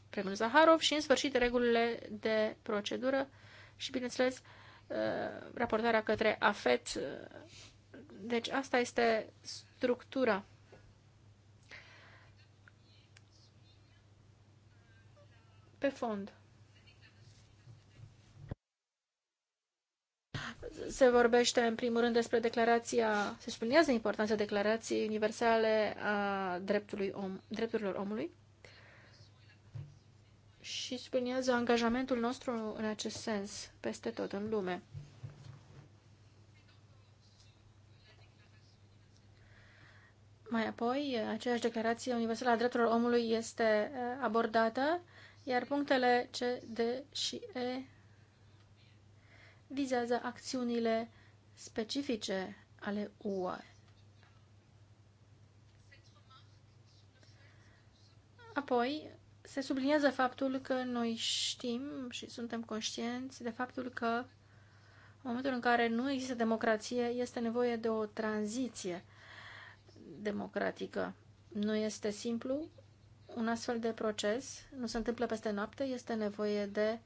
premiul Zaharov și, în sfârșit, regulile de procedură și, bineînțeles, uh, raportarea către AFET. Deci asta este structura. pe fond. Se vorbește în primul rând despre declarația, se spunează importanța declarației universale a dreptului om, drepturilor omului și spunează angajamentul nostru în acest sens peste tot în lume. Mai apoi, aceeași declarație universală a drepturilor omului este eh, abordată iar punctele C, D și E vizează acțiunile specifice ale UA. Apoi, se subliniază faptul că noi știm și suntem conștienți de faptul că în momentul în care nu există democrație, este nevoie de o tranziție democratică. Nu este simplu, un astfel de proces nu se întâmplă peste noapte, este nevoie de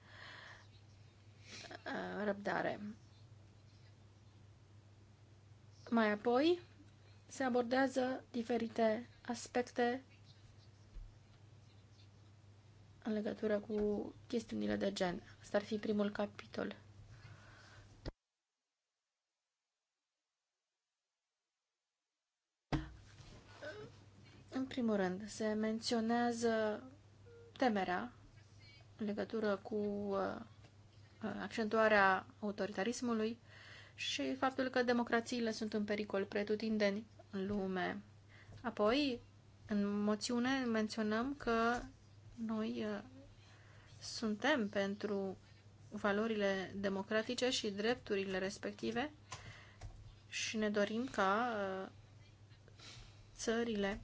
uh, răbdare. Mai apoi se abordează diferite aspecte în legătură cu chestiunile de gen. Asta ar fi primul capitol. În primul rând, se menționează temerea în legătură cu uh, uh, accentuarea autoritarismului și faptul că democrațiile sunt în pericol pretutindeni în lume. Apoi, în moțiune menționăm că noi uh, suntem pentru valorile democratice și drepturile respective și ne dorim ca țările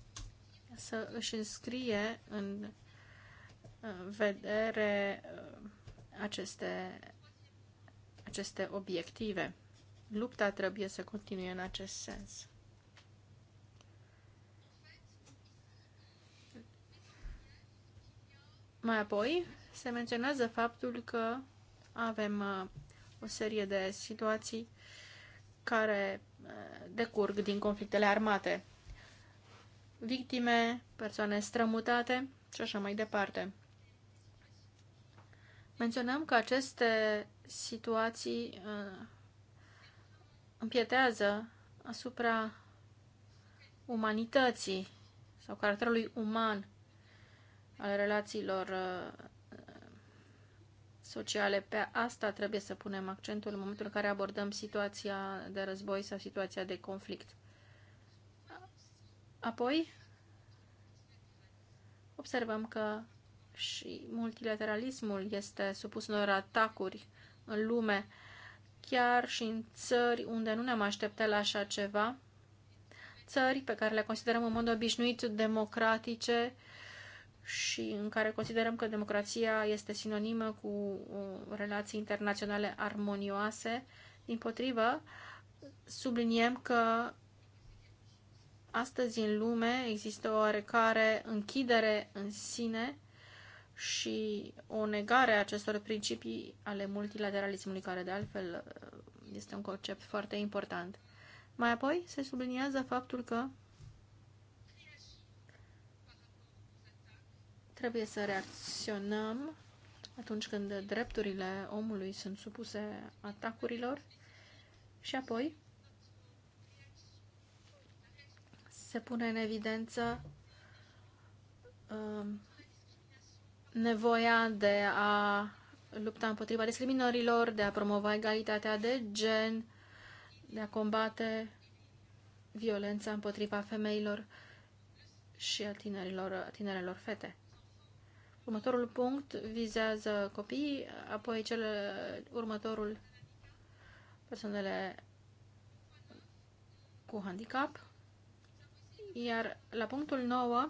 să își înscrie în uh, vedere uh, aceste, aceste obiective. Lupta trebuie să continue în acest sens. Mai apoi se menționează faptul că avem uh, o serie de situații care decurg din conflictele armate victime, persoane strămutate și așa mai departe. Menționăm că aceste situații uh, împietează asupra umanității sau caracterului uman al relațiilor uh, sociale. Pe asta trebuie să punem accentul în momentul în care abordăm situația de război sau situația de conflict. Apoi, observăm că și multilateralismul este supus unor atacuri în lume, chiar și în țări unde nu ne-am așteptat la așa ceva, țări pe care le considerăm în mod obișnuit democratice și în care considerăm că democrația este sinonimă cu uh, relații internaționale armonioase. Din potrivă, subliniem că Astăzi în lume există o oarecare închidere în sine și o negare a acestor principii ale multilateralismului, care de altfel uh, este un concept foarte important. Mai apoi se subliniază faptul că trebuie să reacționăm atunci când drepturile omului sunt supuse atacurilor și apoi se pune în evidență um, nevoia de a lupta împotriva discriminărilor, de a promova egalitatea de gen, de a combate violența împotriva femeilor și a tinerilor, a tinerelor fete. Următorul punct vizează copiii, apoi cel următorul persoanele cu handicap iar la punctul 9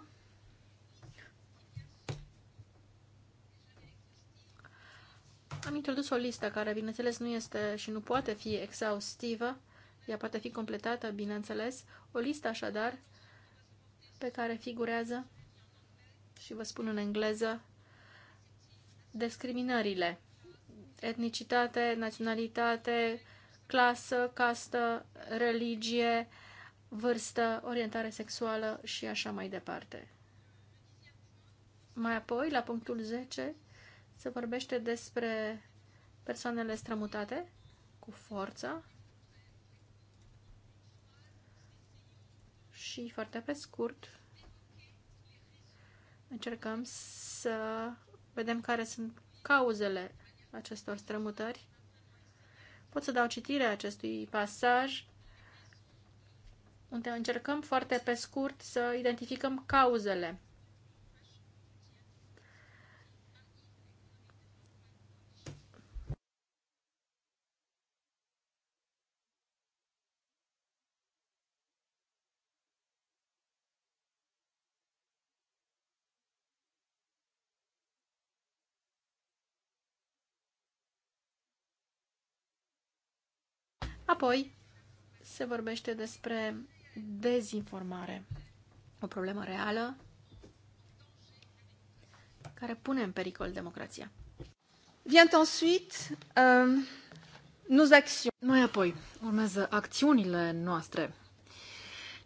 am introdus o listă care, bineînțeles, nu este și nu poate fi exhaustivă, ea poate fi completată, bineînțeles, o listă așadar pe care figurează, și vă spun în engleză, discriminările, etnicitate, naționalitate, clasă, castă, religie, vârstă, orientare sexuală și așa mai departe. Mai apoi, la punctul 10, se vorbește despre persoanele strămutate cu forța și foarte pe scurt încercăm să vedem care sunt cauzele acestor strămutări. Pot să dau citire acestui pasaj unde încercăm foarte pe scurt să identificăm cauzele. Apoi se vorbește despre dezinformare. O problemă reală care pune în pericol democrația. Vient ensuite euh, nos actions. Mai apoi urmează acțiunile noastre,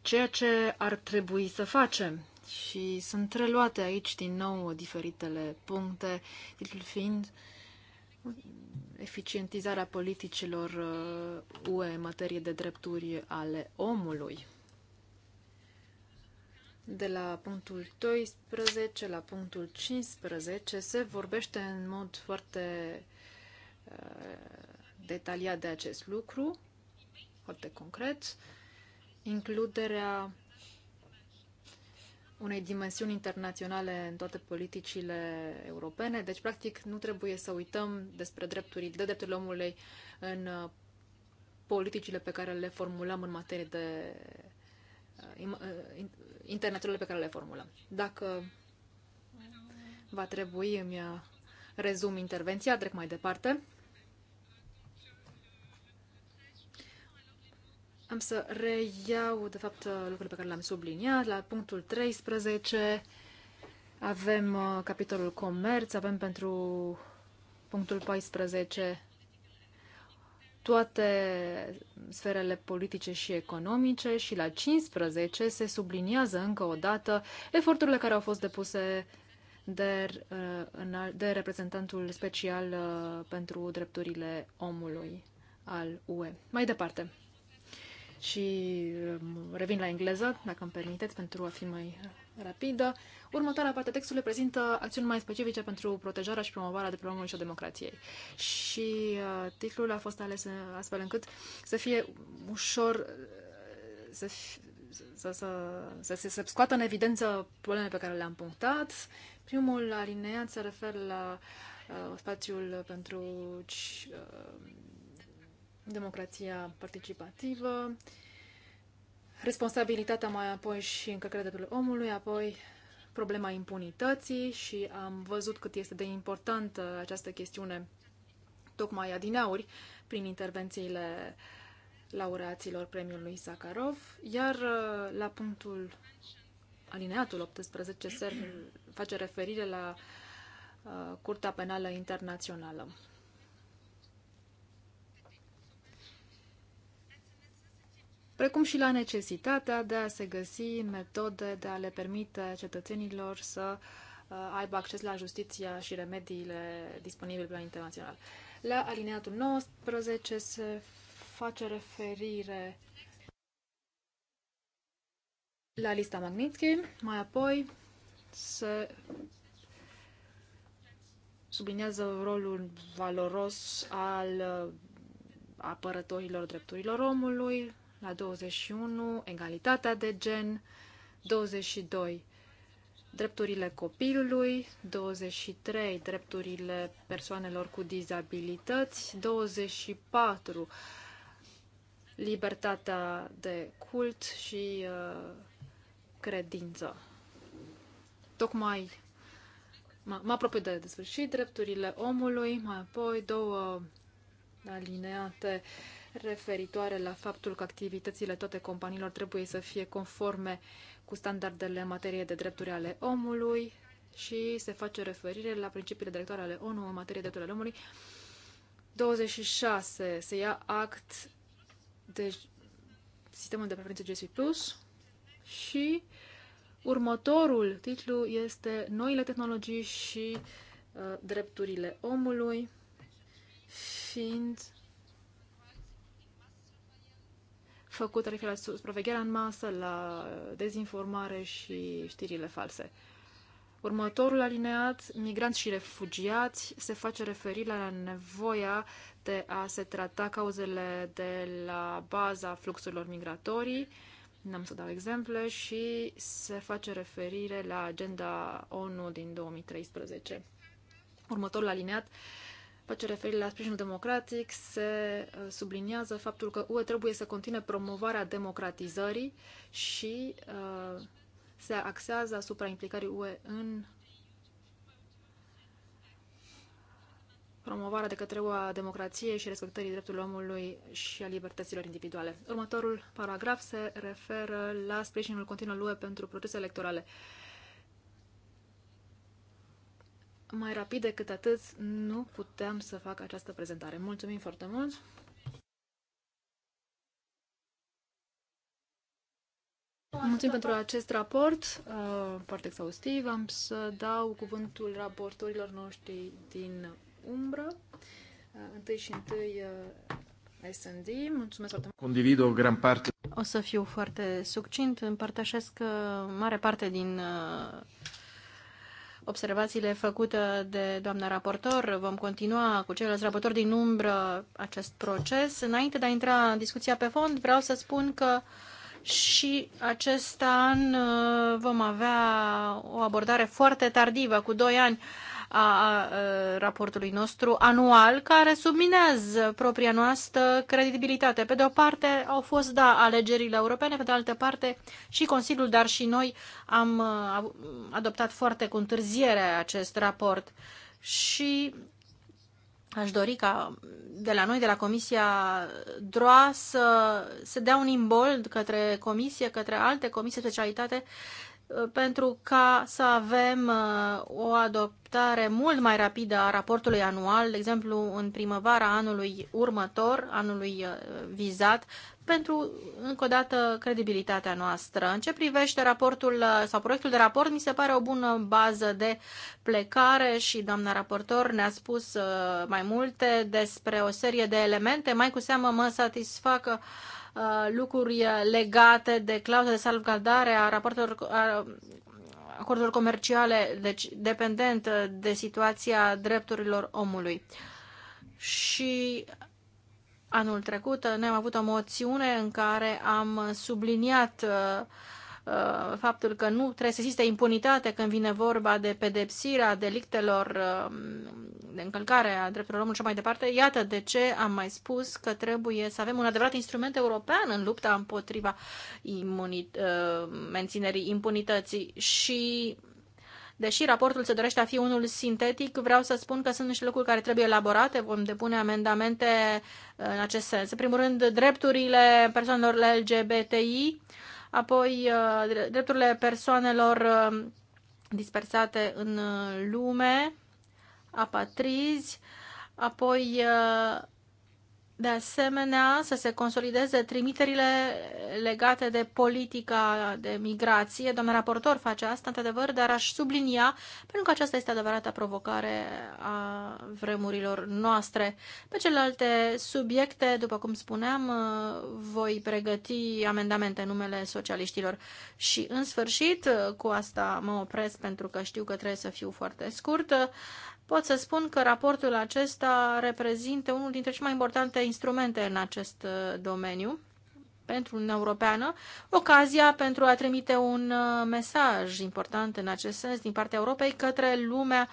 ceea ce ar trebui să facem. Și sunt reluate aici din nou diferitele puncte, titlul fiind eficientizarea politicilor euh, UE în materie de drepturi ale omului de la punctul 12 la punctul 15 se vorbește în mod foarte uh, detaliat de acest lucru, foarte concret, includerea unei dimensiuni internaționale în toate politicile europene. Deci, practic, nu trebuie să uităm despre drepturile, de drepturile omului în uh, politicile pe care le formulăm în materie de uh, internetului pe care le formulăm. Dacă va trebui, îmi rezum intervenția, trec mai departe. Am să reiau, de fapt, lucrurile pe care le-am subliniat. La punctul 13 avem uh, capitolul comerț, avem pentru punctul 14 toate sferele politice și economice și la 15 se subliniază încă o dată eforturile care au fost depuse de, uh, de reprezentantul special uh, pentru drepturile omului al UE. Mai departe. Și um, revin la engleză, dacă îmi permiteți, pentru a fi mai rapidă. Următoarea parte a textului prezintă acțiuni mai specifice pentru protejarea și promovarea diplomului și a democrației. Și uh, titlul a fost ales uh, astfel încât să fie ușor uh, să, fi, să, să, să, să, să scoată în evidență probleme pe care le-am punctat. Primul alineat se referă la uh, spațiul pentru uh, democrația participativă. Uh, responsabilitatea mai apoi și încă drepturilor omului, apoi problema impunității și am văzut cât este de importantă această chestiune tocmai adineauri prin intervențiile laureaților premiului Sakharov, iar uh, la punctul alineatul 18 se face referire la uh, Curtea Penală Internațională. precum și la necesitatea de a se găsi metode de a le permite cetățenilor să uh, aibă acces la justiția și remediile disponibile la internațional. La alineatul 19 se face referire la lista Magnitsky, mai apoi se subliniază rolul valoros al uh, apărătorilor drepturilor omului, la 21, egalitatea de gen, 22, drepturile copilului, 23, drepturile persoanelor cu dizabilități, 24, libertatea de cult și uh, credință. Tocmai mă apropii de, de sfârșit, drepturile omului, mai apoi două alineate uh, referitoare la faptul că activitățile toate companiilor trebuie să fie conforme cu standardele în materie de drepturi ale omului și se face referire la principiile directoare ale ONU în materie de drepturi ale omului. 26. Se ia act de sistemul de preferință GSP Plus și următorul titlu este Noile tehnologii și uh, drepturile omului, fiind făcut referire la supravegherea în masă, la dezinformare și știrile false. Următorul alineat, migranți și refugiați, se face referire la nevoia de a se trata cauzele de la baza fluxurilor migratorii, n-am să dau exemple, și se face referire la agenda ONU din 2013. Următorul alineat face referire la sprijinul democratic, se uh, subliniază faptul că UE trebuie să continue promovarea democratizării și uh, se axează asupra implicării UE în promovarea de către UE a democrației și respectării drepturilor omului și a libertăților individuale. Următorul paragraf se referă la sprijinul continuu UE pentru procese electorale. Uh, mai rapid decât atât nu puteam să fac această prezentare. Mulțumim foarte mult! Mulțumim pentru acest raport uh, foarte exhaustiv. Am să dau cuvântul raportorilor noștri din umbră. Uh, întâi și întâi uh, S&D. Mulțumesc foarte mult. Condivid o gran parte. O să fiu foarte succint. Împărtășesc uh, mare parte din uh, observațiile făcute de doamna raportor. Vom continua cu ceilalți raportori din umbră acest proces. Înainte de a intra în discuția pe fond, vreau să spun că și acest an uh, vom avea o abordare foarte tardivă, cu doi ani a raportului nostru anual, care subminează propria noastră credibilitate. Pe de o parte au fost, da, alegerile europene, pe de altă parte și Consiliul, dar și noi am adoptat foarte cu întârziere acest raport. Și aș dori ca de la noi, de la Comisia DROA, să se dea un imbold către comisie, către alte comisii specialitate, Uh, pentru ca să avem uh, o adoptare mult mai rapidă a raportului anual, de exemplu în primăvara anului următor, anului uh, vizat, pentru, încă o dată, credibilitatea noastră. În ce privește raportul sau proiectul de raport, mi se pare o bună bază de plecare și doamna raportor ne-a spus mai multe despre o serie de elemente, mai cu seamă mă satisfacă uh, Uh, lucruri uh, legate de clauze de salvgardare a raportelor a uh, acordurilor comerciale, deci dependent de situația drepturilor omului. Și anul trecut noi am avut o moțiune în care am subliniat uh, Uh, faptul că nu trebuie să existe impunitate când vine vorba de pedepsirea delictelor um, de încălcare a drepturilor omului și mai departe. Iată de ce am mai spus că trebuie să avem un adevărat instrument european în lupta împotriva imunit- uh, menținerii impunității și Deși raportul se dorește a fi unul sintetic, vreau să spun că sunt niște lucruri care trebuie elaborate, vom depune amendamente uh, în acest sens. În primul rând, drepturile persoanelor LGBTI, uh, apoi uh, drepturile persoanelor uh, dispersate în uh, lume, apatrizi, apoi de asemenea, să se consolideze trimiterile legate de politica de migrație. Doamna raportor face asta, într-adevăr, dar aș sublinia, pentru că aceasta este adevărata provocare a vremurilor noastre. Pe celelalte subiecte, după cum spuneam, voi pregăti amendamente în numele socialiștilor. Și, în sfârșit, cu asta mă opresc, pentru că știu că trebuie să fiu foarte scurt pot să spun că raportul acesta reprezintă unul dintre cele mai importante instrumente în acest uh, domeniu pentru Uniunea Europeană, ocazia pentru a trimite un uh, mesaj important în acest sens din partea Europei către lumea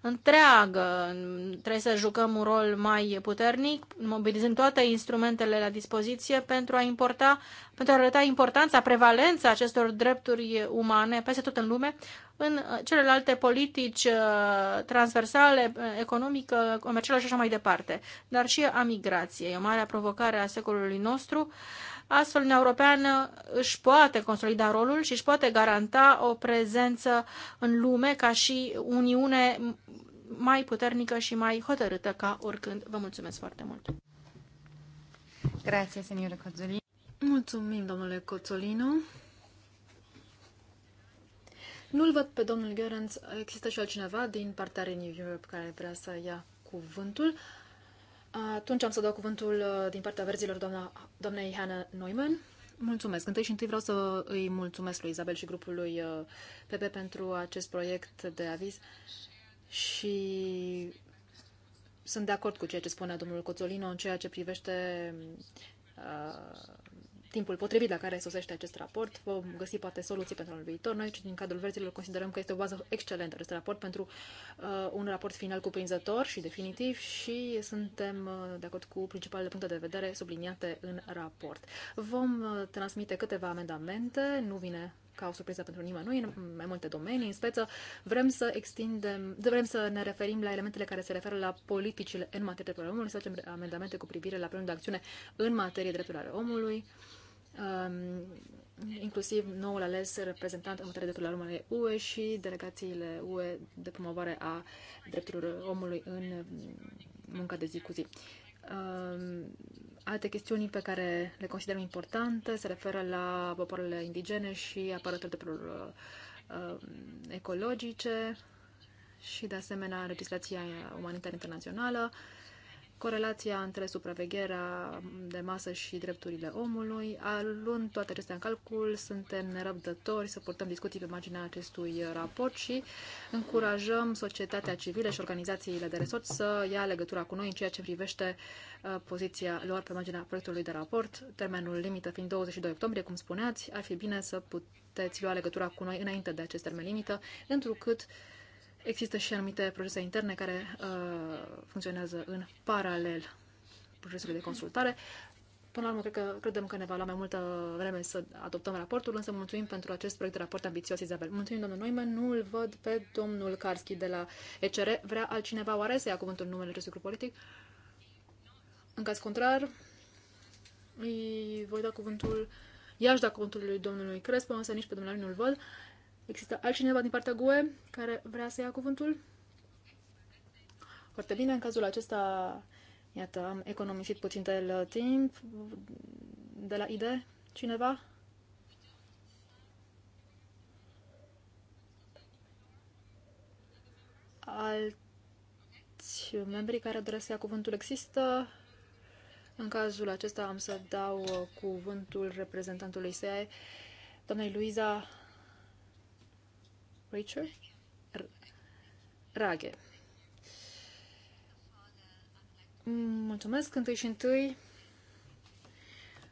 întreagă. Trebuie să jucăm un rol mai puternic, mobilizând toate instrumentele la dispoziție pentru a, importa, pentru a arăta importanța, prevalența acestor drepturi umane peste tot în lume, în uh, celelalte politici uh, transversale, economică, comercială și așa mai departe, dar și a migrației, o mare provocare a secolului nostru. Astfel, Uniunea Europeană își poate consolida rolul și își poate garanta o prezență în lume ca și Uniune mai puternică și mai hotărâtă ca oricând. Vă mulțumesc foarte mult! Grazie, signore Cozzolino. Mulțumim, domnule Cozzolino. Nu-l văd pe domnul Gerenț. Există și altcineva din partea Renew Europe care vrea să ia cuvântul. Atunci am să dau cuvântul uh, din partea verzilor doamna, doamnei Hannah Neumann. Mulțumesc. Întâi și întâi vreau să îi mulțumesc lui Isabel și grupului uh, PP pentru acest proiect de aviz și sunt de acord cu ceea ce spunea domnul Coțolino în ceea ce privește uh, timpul potrivit la care sosește acest raport. Vom găsi poate soluții pentru anul viitor. Noi, din cadrul verzilor, considerăm că este o bază excelentă acest raport pentru uh, un raport final cuprinzător și definitiv și suntem uh, de acord cu principalele puncte de vedere subliniate în raport. Vom uh, transmite câteva amendamente, nu vine ca o surpriză pentru nimănui, în mai multe domenii, în speță, vrem să extindem, vrem să ne referim la elementele care se referă la politicile în materie de drepturile omului, să facem amendamente cu privire la planul de acțiune în materie de drepturile omului, Um, inclusiv noul ales reprezentant în materie de drepturile omului UE și delegațiile UE de promovare a drepturilor omului în um, munca de zi cu zi. Um, alte chestiuni pe care le considerăm importante se referă la popoarele indigene și de drepturilor ecologice și, de asemenea, legislația umanitară internațională, corelația între supravegherea de masă și drepturile omului. Luând toate acestea în calcul, suntem nerăbdători să purtăm discuții pe marginea acestui raport și încurajăm societatea civilă și organizațiile de resort să ia legătura cu noi în ceea ce privește uh, poziția lor pe marginea proiectului de raport, termenul limită fiind 22 octombrie, cum spuneați, ar fi bine să puteți lua legătura cu noi înainte de acest termen limită, întrucât Există și anumite procese interne care uh, funcționează în paralel procesului de consultare. Până la urmă, cred că, credem că ne va lua mai multă vreme să adoptăm raportul, însă mulțumim pentru acest proiect de raport ambițios, Izabel. Mulțumim, domnul Neumann. Nu îl văd pe domnul Karski de la ECR. Vrea altcineva oare să ia cuvântul în numele acestui grup politic? În caz contrar, îi voi da cuvântul, i-aș da cuvântul lui domnului Crespo, însă nici pe domnul nu-l văd. Există altcineva din partea GUE care vrea să ia cuvântul? Foarte bine, în cazul acesta, iată, am economisit puțin de uh, timp de la idee. Cineva? Alți membri care doresc să ia cuvântul există? În cazul acesta am să dau uh, cuvântul reprezentantului SEAE, doamnei Luiza Richard Rage. Mulțumesc întâi și întâi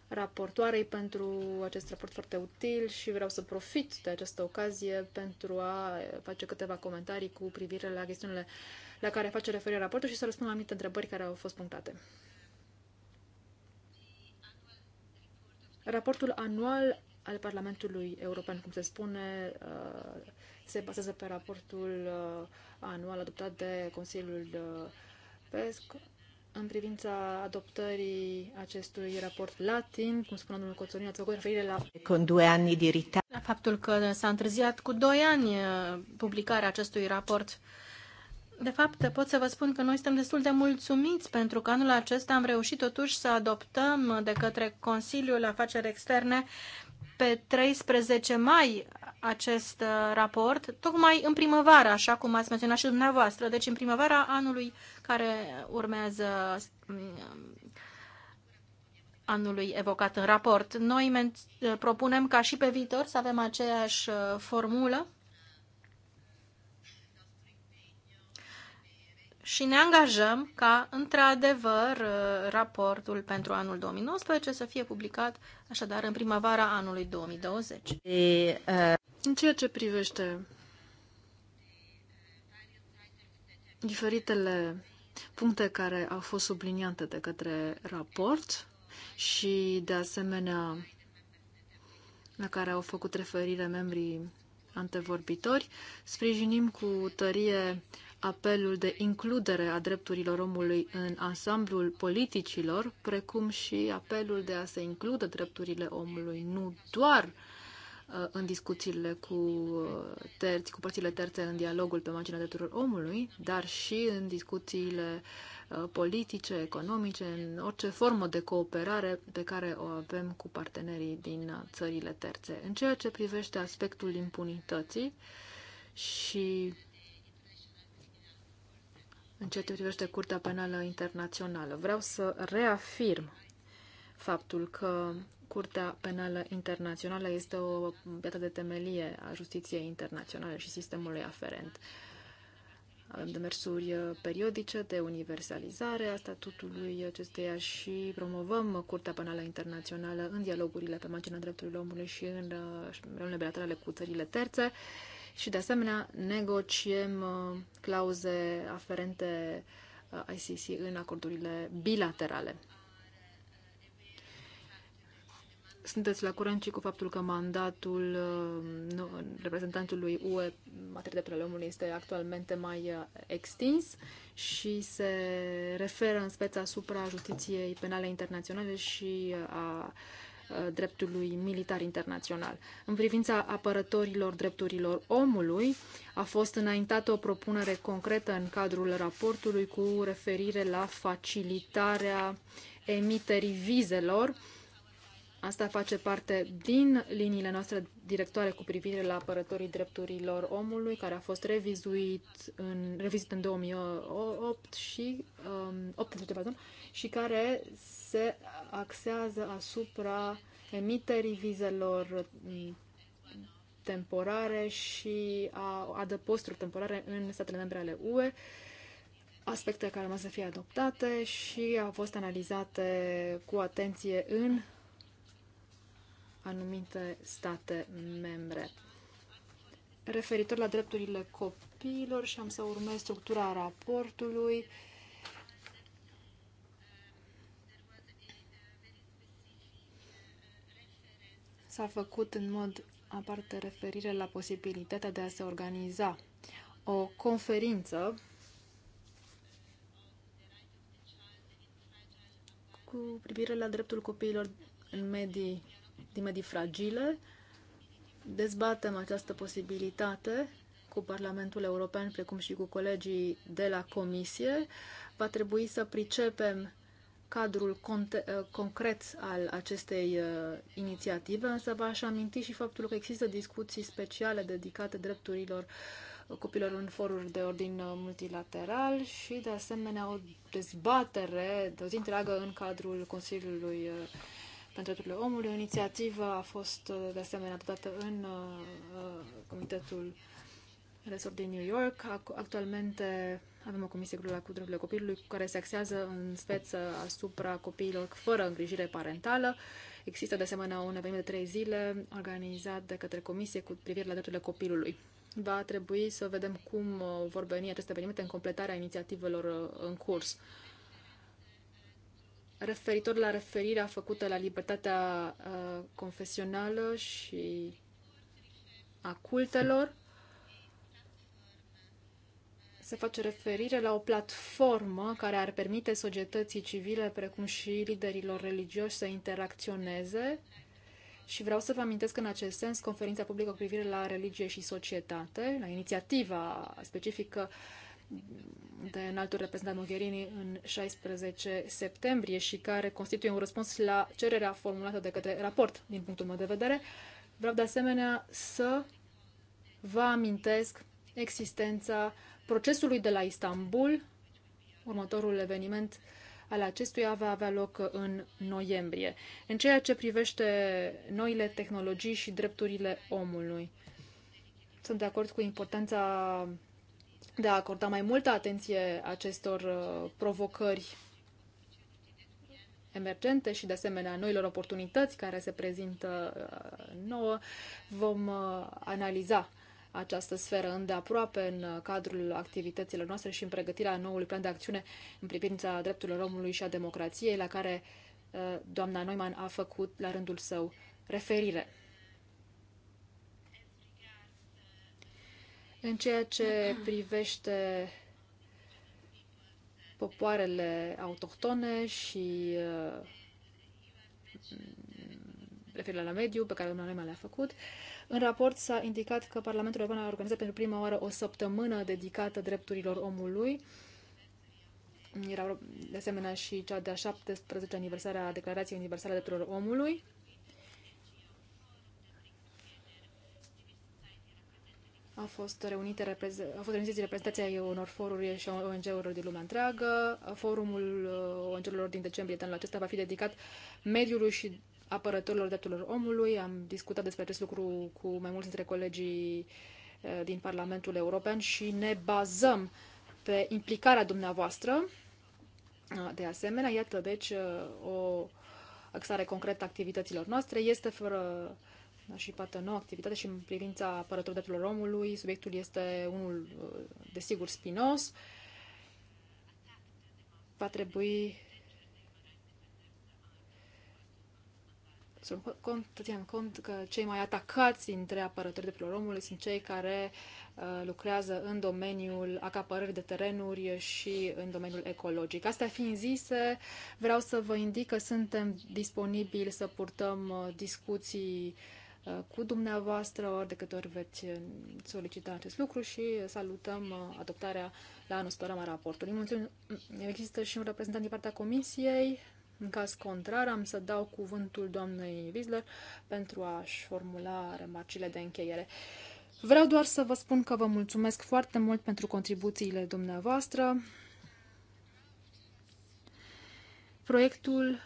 raportoarei pentru acest raport foarte util și vreau să profit de această ocazie pentru a face câteva comentarii cu privire la chestiunile la care face referire raportul și să răspund la anumite întrebări care au fost punctate. Raportul anual al Parlamentului European, cum se spune, uh, se bazează pe raportul uh, anual adoptat de Consiliul uh, PESC în privința adoptării acestui raport latin, cum spunea domnul Coțorin, ați făcut referire la... Con due ani di ritardo. La faptul că s-a întârziat cu doi ani uh, publicarea acestui raport. De fapt, pot să vă spun că noi suntem destul de mulțumiți pentru că anul acesta am reușit totuși să adoptăm de către Consiliul Afaceri Externe pe 13 mai acest uh, raport, tocmai în primăvară, așa cum ați menționat și dumneavoastră, deci în primăvara anului care urmează mm, anului evocat în raport. Noi uh, propunem ca și pe viitor să avem aceeași uh, formulă și ne angajăm ca, într-adevăr, raportul pentru anul 2019 să fie publicat, așadar, în primăvara anului 2020. E, uh... În ceea ce privește diferitele puncte care au fost subliniate de către raport și, de asemenea, la care au făcut referire membrii antevorbitori, sprijinim cu tărie apelul de includere a drepturilor omului în ansamblul politicilor, precum și apelul de a se include drepturile omului nu doar Uh, în discuțiile cu uh, terți, cu părțile terțe în dialogul pe marginea drepturilor omului, dar și în discuțiile uh, politice, economice, în orice formă de cooperare pe care o avem cu partenerii din țările terțe. În ceea ce privește aspectul impunității și în ceea ce privește Curtea Penală Internațională, vreau să reafirm faptul că Curtea Penală Internațională este o piatră de temelie a justiției internaționale și sistemului aferent. Avem demersuri uh, periodice de universalizare a statutului acesteia și promovăm Curtea Penală Internațională în dialogurile pe marginea drepturilor omului și în uh, relațiile bilaterale cu țările terțe și, de asemenea, negociem uh, clauze aferente ICC în acordurile bilaterale sunteți la curent și cu faptul că mandatul uh, nu, reprezentantului UE în materie de Omului, este actualmente mai uh, extins și se referă în speță asupra justiției penale internaționale și uh, a dreptului militar internațional. În privința apărătorilor drepturilor omului, a fost înaintată o propunere concretă în cadrul raportului cu referire la facilitarea emiterii vizelor uh, Asta face parte din liniile noastre directoare cu privire la apărătorii drepturilor omului, care a fost revizuit în, revizit în 2008 și, um, 18, pardon, și care se axează asupra emiterii vizelor mm, temporare și a adăposturilor temporare în statele membre ale UE, aspecte care au să fie adoptate și au fost analizate cu atenție în anumite state membre. Referitor la drepturile copiilor și am să urmez structura raportului, s-a făcut în mod aparte referire la posibilitatea de a se organiza o conferință cu privire la dreptul copiilor în medii din medii fragile. Dezbatem această posibilitate cu Parlamentul European, precum și cu colegii de la Comisie. Va trebui să pricepem cadrul uh, concret al acestei uh, inițiative, însă v-aș aminti și faptul că există discuții speciale dedicate drepturilor copilor în foruri de ordin uh, multilateral și, de asemenea, o dezbatere de o zi întreagă în cadrul Consiliului uh, pentru drepturile omului. Inițiativa inițiativă a fost uh, de asemenea adoptată în uh, uh, Comitetul Resort din New York. Actualmente avem o comisie globală cu drepturile copilului care se axează în speță asupra copiilor fără îngrijire parentală. Există de asemenea un eveniment de trei zile organizat de către comisie cu privire la drepturile copilului. Va trebui să vedem cum vor veni aceste evenimente în completarea inițiativelor în curs referitor la referirea făcută la libertatea uh, confesională și a cultelor, se face referire la o platformă care ar permite societății civile, precum și liderilor religioși, să interacționeze. Și vreau să vă amintesc în acest sens conferința publică cu privire la religie și societate, la inițiativa specifică uh, de înaltul reprezentant Mogherini în 16 septembrie și care constituie un răspuns la cererea formulată de către raport, din punctul meu de vedere. Vreau de asemenea să vă amintesc existența procesului de la Istanbul. Următorul eveniment al acestuia va avea loc în noiembrie. În ceea ce privește noile tehnologii și drepturile omului, sunt de acord cu importanța de a acorda mai multă atenție acestor uh, provocări emergente și, de asemenea, noilor oportunități care se prezintă uh, nouă, vom uh, analiza această sferă îndeaproape în cadrul activităților noastre și în pregătirea noului plan de acțiune în privința drepturilor omului și a democrației, la care doamna Neumann a făcut la rândul său referire. În ceea ce privește popoarele autohtone și uh, referire la mediu, pe care domnul le-a făcut. În raport s-a indicat că Parlamentul European a organizat pentru prima oară o săptămână dedicată drepturilor omului. Era de asemenea și cea de-a 17 aniversare a Declarației Universale a Drepturilor Omului. A fost reunită a fost reunite reprezentația unor foruri și ONG-urilor din lumea întreagă. Forumul uh, ONG-urilor din decembrie anul acesta va fi dedicat mediului și apărătorilor drepturilor omului. Am discutat despre acest lucru cu mai mulți dintre colegii uh, din Parlamentul European și ne bazăm pe implicarea dumneavoastră. Uh, de asemenea, iată, deci, o axare concretă a activităților noastre este fără și poate nouă activitate și în privința apărătorului drepturilor omului. Subiectul este unul, uh, desigur, spinos. Va trebui să cont, ținem cont că cei mai atacați dintre apărători de omului sunt cei care uh, lucrează în domeniul acapărării de terenuri și în domeniul ecologic. Astea fiind zise, vreau să vă indic că suntem disponibili să purtăm uh, discuții uh, Uh, cu dumneavoastră ori de câte ori veți uh, solicita acest lucru și salutăm uh, adoptarea la anul sperăm a raportului. Mulțumim. Există și un reprezentant din partea Comisiei. În caz contrar, am să dau cuvântul doamnei Wiesler pentru a-și formula remarcile de încheiere. Vreau doar să vă spun că vă mulțumesc foarte mult pentru contribuțiile dumneavoastră. Proiectul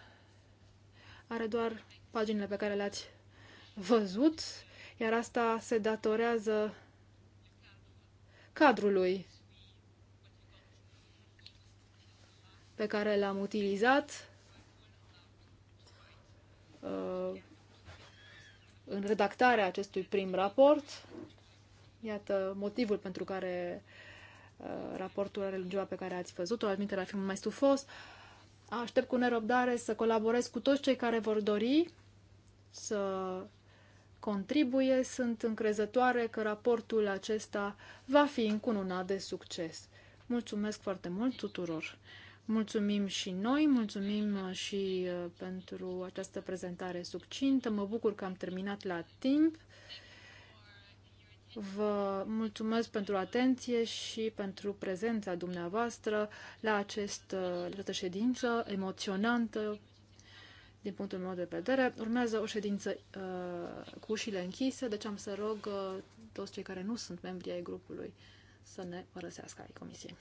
are doar paginile pe care le-ați văzut, iar asta se datorează cadrului pe care l-am utilizat uh, în redactarea acestui prim raport. Iată motivul pentru care uh, raportul are lungimea pe care ați văzut-o, admite la fi mai stufos. Aștept cu nerăbdare să colaborez cu toți cei care vor dori să contribuie, sunt încrezătoare că raportul acesta va fi încununat de succes. Mulțumesc foarte mult tuturor! Mulțumim și noi, mulțumim și uh, pentru această prezentare succintă. Mă bucur că am terminat la timp. Vă mulțumesc pentru atenție și pentru prezența dumneavoastră la uh, această ședință emoționantă din punctul meu de vedere. Urmează o ședință uh, cu ușile închise, deci am să rog uh, toți cei care nu sunt membri ai grupului să ne părăsească ai comisiei.